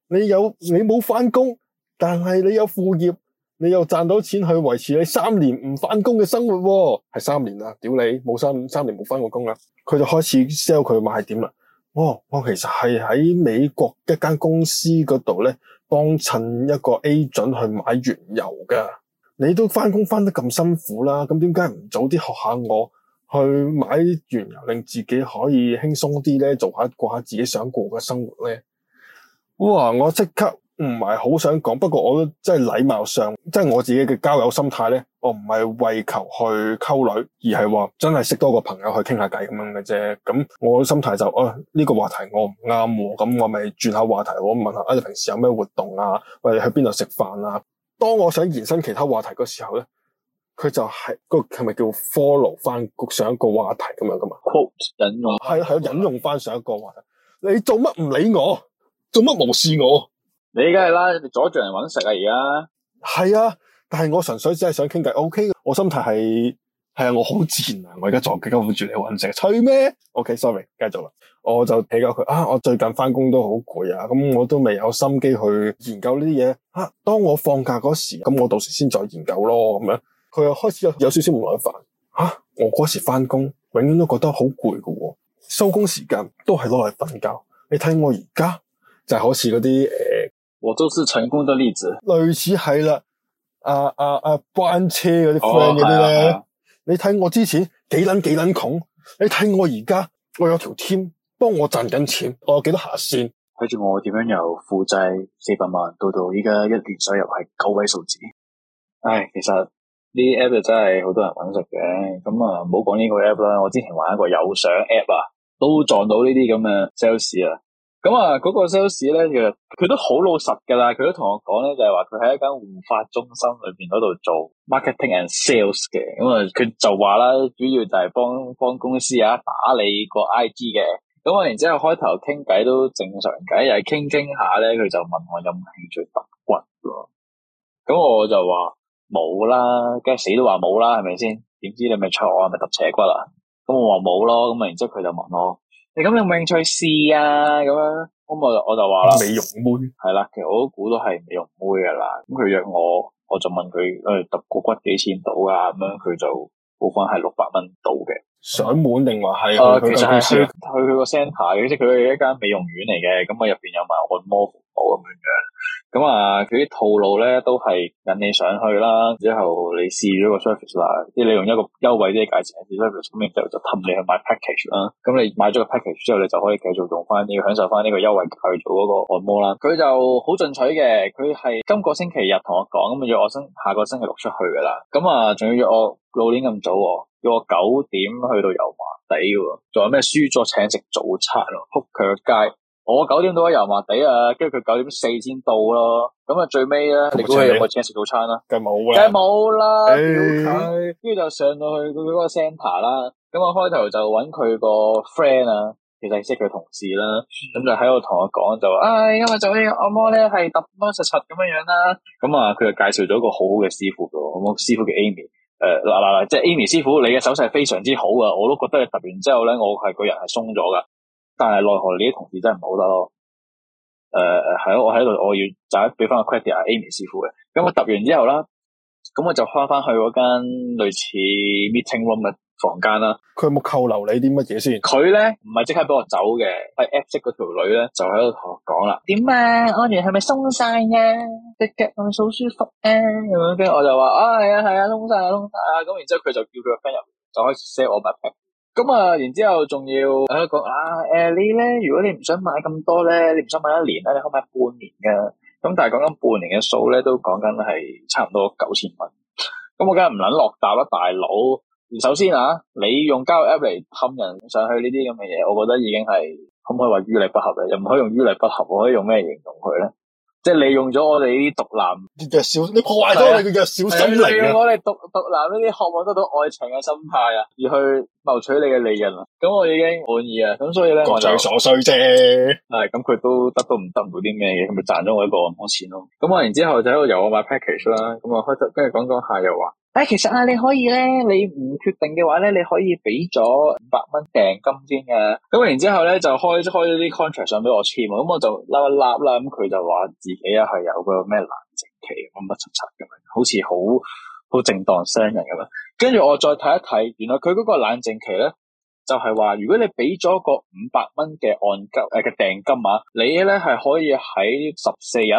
你有你冇返工？但係你有副業，你又賺到錢去維持你三年唔翻工嘅生活、啊，係三年啦，屌你，冇三三年冇翻過工啦，佢就開始 sell 佢買點啦。我、哦、我其實係喺美國一間公司嗰度咧，幫襯一個 A 準去買原油噶。你都翻工翻得咁辛苦啦、啊，咁點解唔早啲學下我去買原油，令自己可以輕鬆啲咧，做下過下自己想過嘅生活咧？哇！我即刻。唔係好想講，不過我真係禮貌上，即係我自己嘅交友心態咧，我唔係為求去溝女，而係話真係識多個朋友去傾下偈咁樣嘅啫。咁我心態就啊呢個話題我唔啱，咁我咪轉下話題，我問下啊你平時有咩活動啊，或者去邊度食飯啊。當我想延伸其他話題嘅時候咧，佢就係個係咪叫 follow 翻上一個話題咁樣噶嘛？引,我引用係係引用翻上一個話題，你做乜唔理我，做乜無視我？你梗係啦，你阻住人搵食啊，而家係啊，但係我純粹只係想傾偈，O K 噶，okay? 我心態係係啊，我好賤啊，我而家阻住你搵食，吹咩？O、okay, K，sorry，繼續啦，我就俾咗佢啊，我最近返工都好攰啊，咁我都未有心機去研究呢啲嘢啊。當我放假嗰時，咁我到時先再研究咯，咁樣佢又開始有少少唔耐煩吓，我嗰時返工永遠都覺得好攰㗎，收工時間都係攞嚟瞓覺，你睇我而家就係、是、好似嗰啲誒。呃我都是成功的例子，類似係啦，啊啊啊，班車嗰啲 friend 嗰啲咧，你睇我、啊啊、我之前幾撚幾撚窮，你睇我而家我有條 team 幫我賺緊錢，我有幾多下線，睇住我點樣由負債四百萬到到依家一年收入係九位數字，唉，其實呢啲 app 真係好多人揾食嘅，咁啊唔好講呢個 app 啦，我之前玩一個有相 app 啊，都撞到呢啲咁嘅 sales 啊。咁啊，嗰個 sales 咧，其實佢都好老實噶啦，佢都同我講咧，就係話佢喺一間護髮中心裏邊嗰度做 marketing and sales 嘅，咁、嗯、啊，佢就話啦，主要就係幫幫公司啊打理個 IG 嘅，咁、嗯、啊，然之後開頭傾偈都正常偈，又係傾傾下咧，佢就問我有冇興趣揼骨咯，咁、嗯、我就話冇啦，梗係死都話冇啦，係咪先？點知你咪錯我，咪揼邪骨啊？咁、嗯、我話冇咯，咁啊，然之後佢就問我。你咁有冇興趣試啊？咁樣，咁我我就話啦，美容妹係啦，其實我都估到係美容妹噶啦。咁佢約我，我就問佢，誒、哎，揼個骨幾錢度啊？咁樣佢就估翻係六百蚊度嘅，上門定話係？去佢個 centre 嘅，即佢係一間美容院嚟嘅。咁啊，入邊有埋按摩。寶咁樣樣，咁啊佢啲套路咧都係引你上去啦，之後你試咗個 service 啦，即係你用一個優惠啲嘅價錢嚟 service，咁然之後就氹你去買 package 啦，咁、嗯、你買咗個 package 之後，你就可以繼續用翻啲享受翻呢個優惠價去做嗰個按摩啦。佢就好進取嘅，佢係今個星期日同我講，咁、嗯、約我下個星期六出去噶啦，咁啊仲要約我老年咁早，約我九點去到油麻地，仲有咩輸咗請食早餐咯，撲佢個街。我九點到咗油麻地啊，跟住佢九點四先到咯。咁啊最尾咧，你估佢有冇請食早餐啊？梗係冇啦，梗係冇啦。跟住就上到去佢嗰個 center 啦。咁我開頭就揾佢個 friend 啊，其實係即係佢同事啦。咁就喺度同我講，就話，唉，因為就呢按摩咧係揼得實實咁樣樣啦。咁啊，佢就介紹咗個好好嘅師傅嘅。咁我師傅叫 Amy，誒嗱嗱嗱，即係 Amy 師傅，你嘅手勢非常之好啊！我都覺得你揼完之後咧，我係個人係鬆咗噶。但係奈何呢啲同事真係唔好得咯，誒誒係咯，我喺度我要就俾翻個 credit 阿 Amy 師傅嘅。咁我揼完之後啦，咁我就返返去嗰間類似 meeting room 嘅房間啦。佢有冇扣留你啲乜嘢先？佢咧唔係即刻俾我走嘅，係 A 席嗰條女咧就喺度同我講啦：點啊，阿源係咪鬆晒嘅？隻腳咁咪好舒服啊？咁樣跟住我就話：啊，係啊係啊，鬆晒啦鬆晒啊！咁、啊、然之後佢就叫佢個 friend 入，就開始 say 我 b 咁啊，然之後仲要講啊，Ellie 咧，如果你唔想買咁多咧，你唔想買一年咧，你可以買半年嘅、啊。咁但係講緊半年嘅數咧，都講緊係差唔多九千蚊。咁、嗯嗯、我梗係唔捻落搭啦，大佬。首先啊，你用交友 App 嚟氹人上去呢啲咁嘅嘢，我覺得已經係，可唔可以話於理不合嘅，又唔可以用於理不合，我可以用咩形容佢咧？即係利用咗我哋呢啲獨男你破壞咗你嘅小心靈、啊啊、利用我哋獨獨男呢啲渴望得到愛情嘅心態啊，而去謀取你嘅利潤啊！咁我已經滿意啊！咁所以咧，我就各取所需啫。係咁，佢都得到唔得唔到啲咩嘢？咁咪賺咗我一個按摩錢咯。咁我然之後就喺度由我買 package 啦、嗯。咁我開跟住講講下又話。誒、哎，其實啊，你可以咧，你唔決定嘅話咧，你可以俾咗五百蚊訂金先嘅，啊，咁然之後咧就開開咗啲 contract 上俾我簽，咁我就立一立啦，咁佢就話自己啊係有個咩冷靜期乜乜柒柒咁樣，好似好好正當商人咁樣。跟住我再睇一睇，原來佢嗰個冷靜期咧，就係、是、話如果你俾咗個五百蚊嘅按金誒嘅訂金啊，你咧係可以喺十四日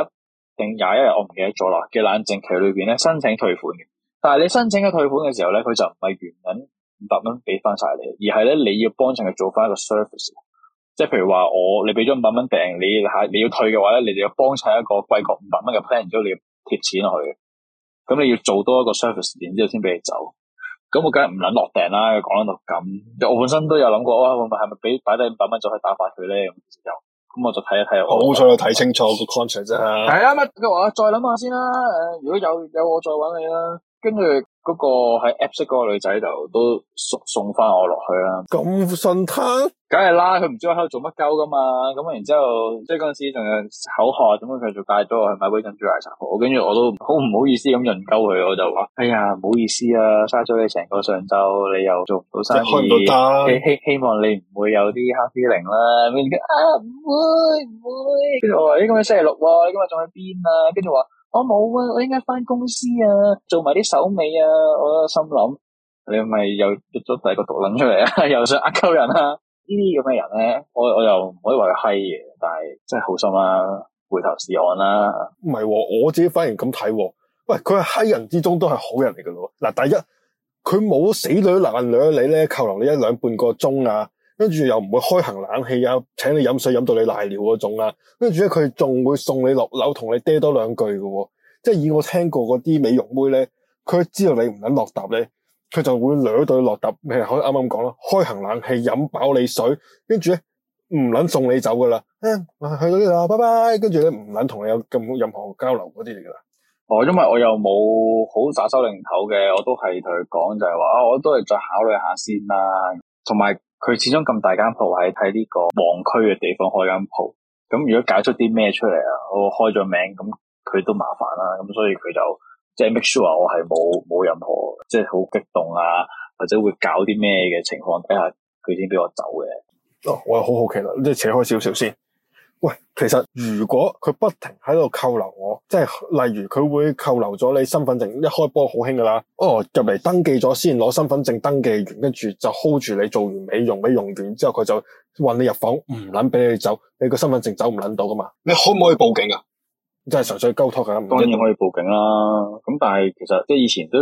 定廿一日，我唔記得咗啦嘅冷靜期裏邊咧申請退款嘅。但係你申請嘅退款嘅時候咧，佢就唔係原緊五百蚊俾翻晒你，而係咧你要幫襯佢做翻一個 service，即係譬如話我你俾咗五百蚊訂，你嚇你要退嘅話咧，你就要幫襯一個貴過五百蚊嘅 plan，然之後你要貼錢落去，咁你要做多一個 service，然之後先俾你走。咁我梗係唔撚落訂啦，講得到咁，我本身都有諗過啊，會係咪俾擺低五百蚊就可以打發佢咧？咁又，咁我就睇一睇，好彩有睇清楚個 contract 啫。係啊，乜嘅話再諗下先啦。誒，如果有有我再揾你啦。跟住嗰個喺 Apps 嗰個女仔度都送送翻我落去啦。咁順吞？梗係啦，佢唔知我喺度做乜鳩噶嘛。咁然之後即係嗰陣時仲有口渴，咁啊佢仲帶咗我去買杯珍珠奶茶我。跟住我都好唔好意思咁潤鳩佢，我就話：哎呀，唔好意思啊，嘥咗你成個上晝，你又做唔到生意。希望你唔會有啲黑 feeling 啦。啊，唔會唔會。跟住我話：你今日星期六喎，你今日仲去邊啊？跟住話。我冇啊！我應該返公司啊，做埋啲手尾啊！我心諗你咪又入咗第二個毒撚出嚟啊！ 又想呃鳩人啊！人呢啲咁嘅人咧，我我又唔可以話佢閪嘅，但係真係好心啦、啊，回頭是岸啦、啊。唔係，我自己反而咁睇。喂，佢係閪人之中都係好人嚟噶咯。嗱，第一佢冇死女爛女你咧，扣留你一兩半個鐘啊！跟住又唔會開行冷氣啊，請你飲水飲到你瀨尿嗰種啦，跟住咧佢仲會送你落樓同你嗲多兩句嘅，即係以我聽過嗰啲美容妹咧，佢知道你唔捻落疊咧，佢就會攞對落疊，咪好似啱啱講啦，開行冷氣飲飽你水，跟住咧唔捻送你走噶啦，去到呢度拜拜，跟住咧唔捻同你有咁任何交流嗰啲嚟噶啦。哦，因為我又冇好耍手擰頭嘅，我都係同佢講就係話，我都係再考慮下先啦，同埋。佢始終咁大間鋪係喺呢個旺區嘅地方開間鋪，咁如果搞出啲咩出嚟啊，我開咗名，咁佢都麻煩啦。咁所以佢就即係 make sure 我係冇冇任何即係好激動啊，或者會搞啲咩嘅情況底下，佢先俾我走嘅。哦，我又好好奇啦，即係扯開少少先。喂，其實如果佢不停喺度扣留我，即係例如佢會扣留咗你身份證，一開波好興噶啦，哦，入嚟登記咗，先攞身份證登記完，跟住就 hold 住你做完美容，俾用，用完之後佢就搵你入房，唔捻俾你走，嗯、你個身份證走唔捻到噶嘛？嗯、你可唔可以報警啊？即係純粹勾拖噶，當然可以報警啦。咁、嗯、但係其實即係以前都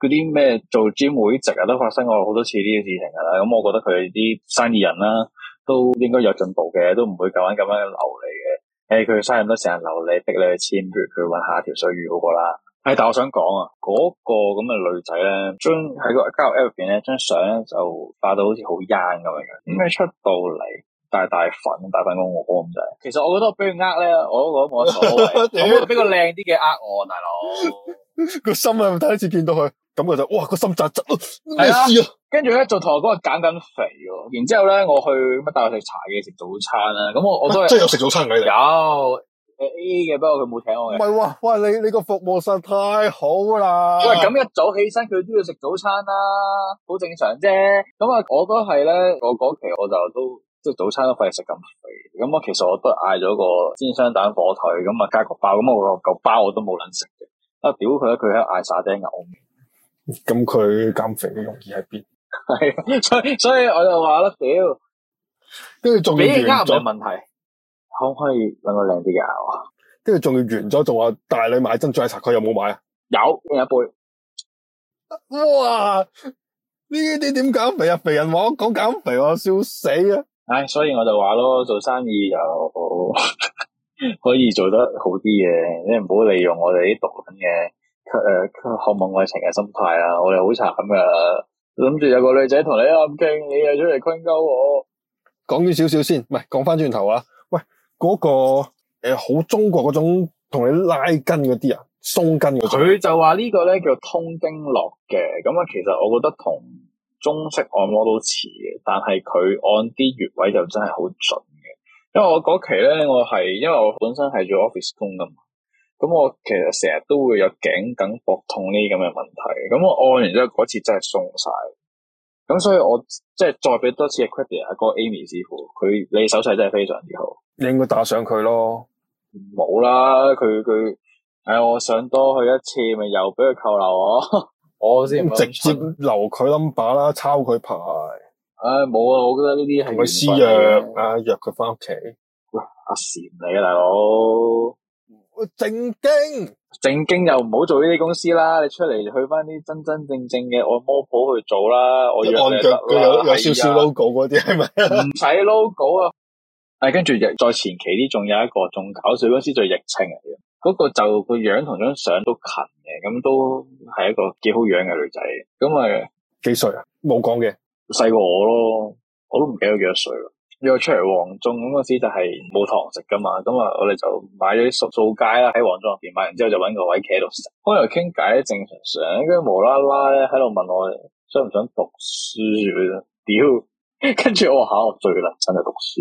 嗰啲咩做 gym 會成日都發生過好多次呢啲事情噶啦。咁我覺得佢啲生意人啦。都應該有進步嘅，都唔會咁揾咁樣流離嘅。誒、欸，佢生咁都成日流離，逼你去簽，佢佢揾下一條水魚好過啦。誒，但係我想講啊，嗰、那個咁嘅女仔咧，張喺個交友 App 入邊咧，張相咧就化到好似好 young 咁樣，點解出到嚟大大粉，大份、過我咁滯？其實我覺得我俾佢呃咧，我都覺得冇錯。 我點解俾個靚啲嘅呃我啊，大佬？個 心咪第一次見到佢。咁佢就是、哇，個心雜雜咯，咩、啊啊、跟住咧就同我講揀緊肥喎，然之後咧我去乜帶佢食茶嘅食早餐啦。咁、嗯、我我都係、啊、真係有食早餐嘅。有誒、嗯啊、A 嘅，不過佢冇請我嘅。唔係哇，哇你你個服務實在太好啦。喂，咁一早起身佢都要食早餐啦，好正常啫。咁啊，我都係咧，我嗰期我就都即係早餐都費事食咁肥。咁、嗯、我其實我都嗌咗個煎雙蛋火腿，咁、嗯、啊加個包。咁、嗯、我、嗯、個嚿包我都冇撚食嘅。啊屌佢佢喺嗌沙爹牛咁佢減肥嘅容易喺邊？係，所以所以我就話咯，屌， 跟住仲要完咗問題，可唔可以搵個靚啲嘅？哇！跟住仲要完咗，仲話帶你買珍珠奶茶，查佢有冇買啊？有，拎一杯。哇！呢啲點減肥啊？肥人王講減肥，我笑死啊！唉、哎，所以我就話咯，做生意又好 可以做得好啲嘅，你唔好利用我哋啲毒品嘅。誒，渴望、呃、愛情嘅心態啊，我哋好慘噶。諗住有個女仔同你暗傾，你又出嚟昆鳩我。講啲少少先，唔係講翻轉頭啊。喂，嗰、嗰個誒、呃，好中國嗰種同你拉筋嗰啲啊，鬆筋嗰種。佢就話呢個咧叫通經絡嘅，咁啊，其實我覺得同中式按摩都似嘅，但係佢按啲穴位就真係好準嘅。因為我嗰期咧，我係因為我本身係做 office 工噶嘛。咁我其實成日都會有頸梗、膊痛呢啲咁嘅問題，咁我按完之後嗰次真係鬆晒，咁所以我即係再俾多次 credit，哥哥 a credit 阿哥 Amy 師傅，佢你手勢真係非常之好。你應該打上佢咯，冇啦，佢佢，哎，我想多去一次，咪又俾佢扣留、啊、 我，我先直接留佢 number 啦，抄佢牌。唉、哎，冇啊，我覺得呢啲係私約啊，約佢翻屋企。喂，阿禪你啊，大佬。正經，正經又唔好做呢啲公司啦，你出嚟去翻啲真真正正嘅按摩鋪去做啦。我約有，呀有少少 logo 嗰啲係咪唔使 logo 啊！誒、哎，跟住再前期啲仲有一個，仲搞笑嗰時就疫情嚟、啊、嘅。嗰、那個就個樣同張相都近嘅，咁都係一個好、就是、幾好樣嘅女仔。咁啊，幾歲啊？冇講嘅，細過我咯，我都唔記得幾多歲啦。約出嚟黃忠咁，嗰時就係冇堂食噶嘛，咁啊我哋就買咗啲熟素雞啦，喺黃忠入邊買完之後就揾個位企喺度食。開頭傾偈正常常，跟住無啦啦咧喺度問我想唔想讀書啫？屌，跟 住我話下、啊、我醉啦，真係讀書。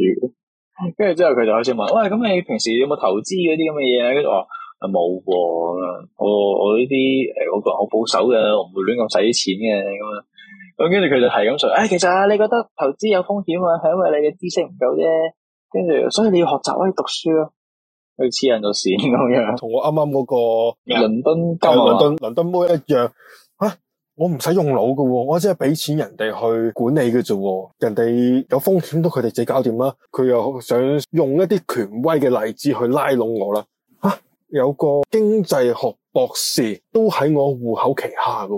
跟住之後佢就開始問：喂、哎，咁你平時有冇投資嗰啲咁嘅嘢啊？跟住我啊冇噃咁啊，我我呢啲誒，我，我個好保守嘅，唔會亂咁使錢嘅咁啊。跟住佢就係咁講，誒、哎，其實啊，你覺得投資有風險啊，係因為你嘅知識唔夠啫。跟住，所以你要學習可以讀書咯、啊，去黐人做事。咁樣。同我啱啱嗰個倫敦金、啊、倫敦，係倫敦倫敦妹一樣。吓、啊，我唔使用，用腦噶喎，我只係俾錢人哋去管理嘅啫。人哋有風險都佢哋自己搞掂啦。佢又想用一啲權威嘅例子去拉攏我啦。吓、啊，有個經濟學博士都喺我戶口旗下噶。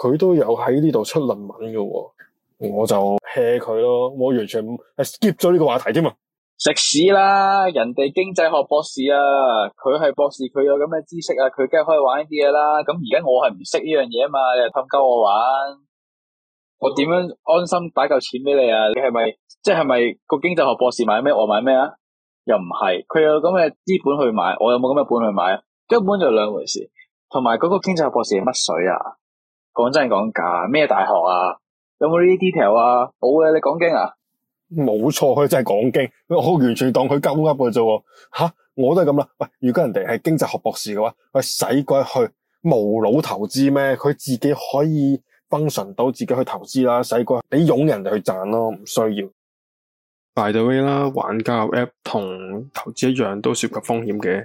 佢都有喺呢度出論文噶、哦，我就 hea 佢咯。我完全唔係 skip 咗呢個話題添啊！食屎啦！人哋經濟學博士啊，佢係博士，佢有咁嘅知識啊，佢梗係可以玩呢啲嘢啦。咁而家我係唔識呢樣嘢啊嘛，你又氹鳩我玩，我點樣安心打嚿錢俾你啊？你係咪即係咪個經濟學博士買咩？我買咩啊？又唔係佢有咁嘅資本去買，我有冇咁嘅本去買？根本就兩回事。同埋嗰個經濟學博士係乜水啊？講真係講假，咩大學啊？有冇呢啲 detail 啊？冇啊，你講經啊？冇錯，佢真係講經，我完全當佢鳩噏嘅啫。吓，我都係咁啦。喂，如果人哋係經濟學博士嘅話，喂，使鬼去無腦投資咩？佢自己可以 function 到自己去投資啦，使鬼去，你擁人哋去賺咯，唔需要。By the way 啦，玩家 app 同投資一樣，都涉及風險嘅。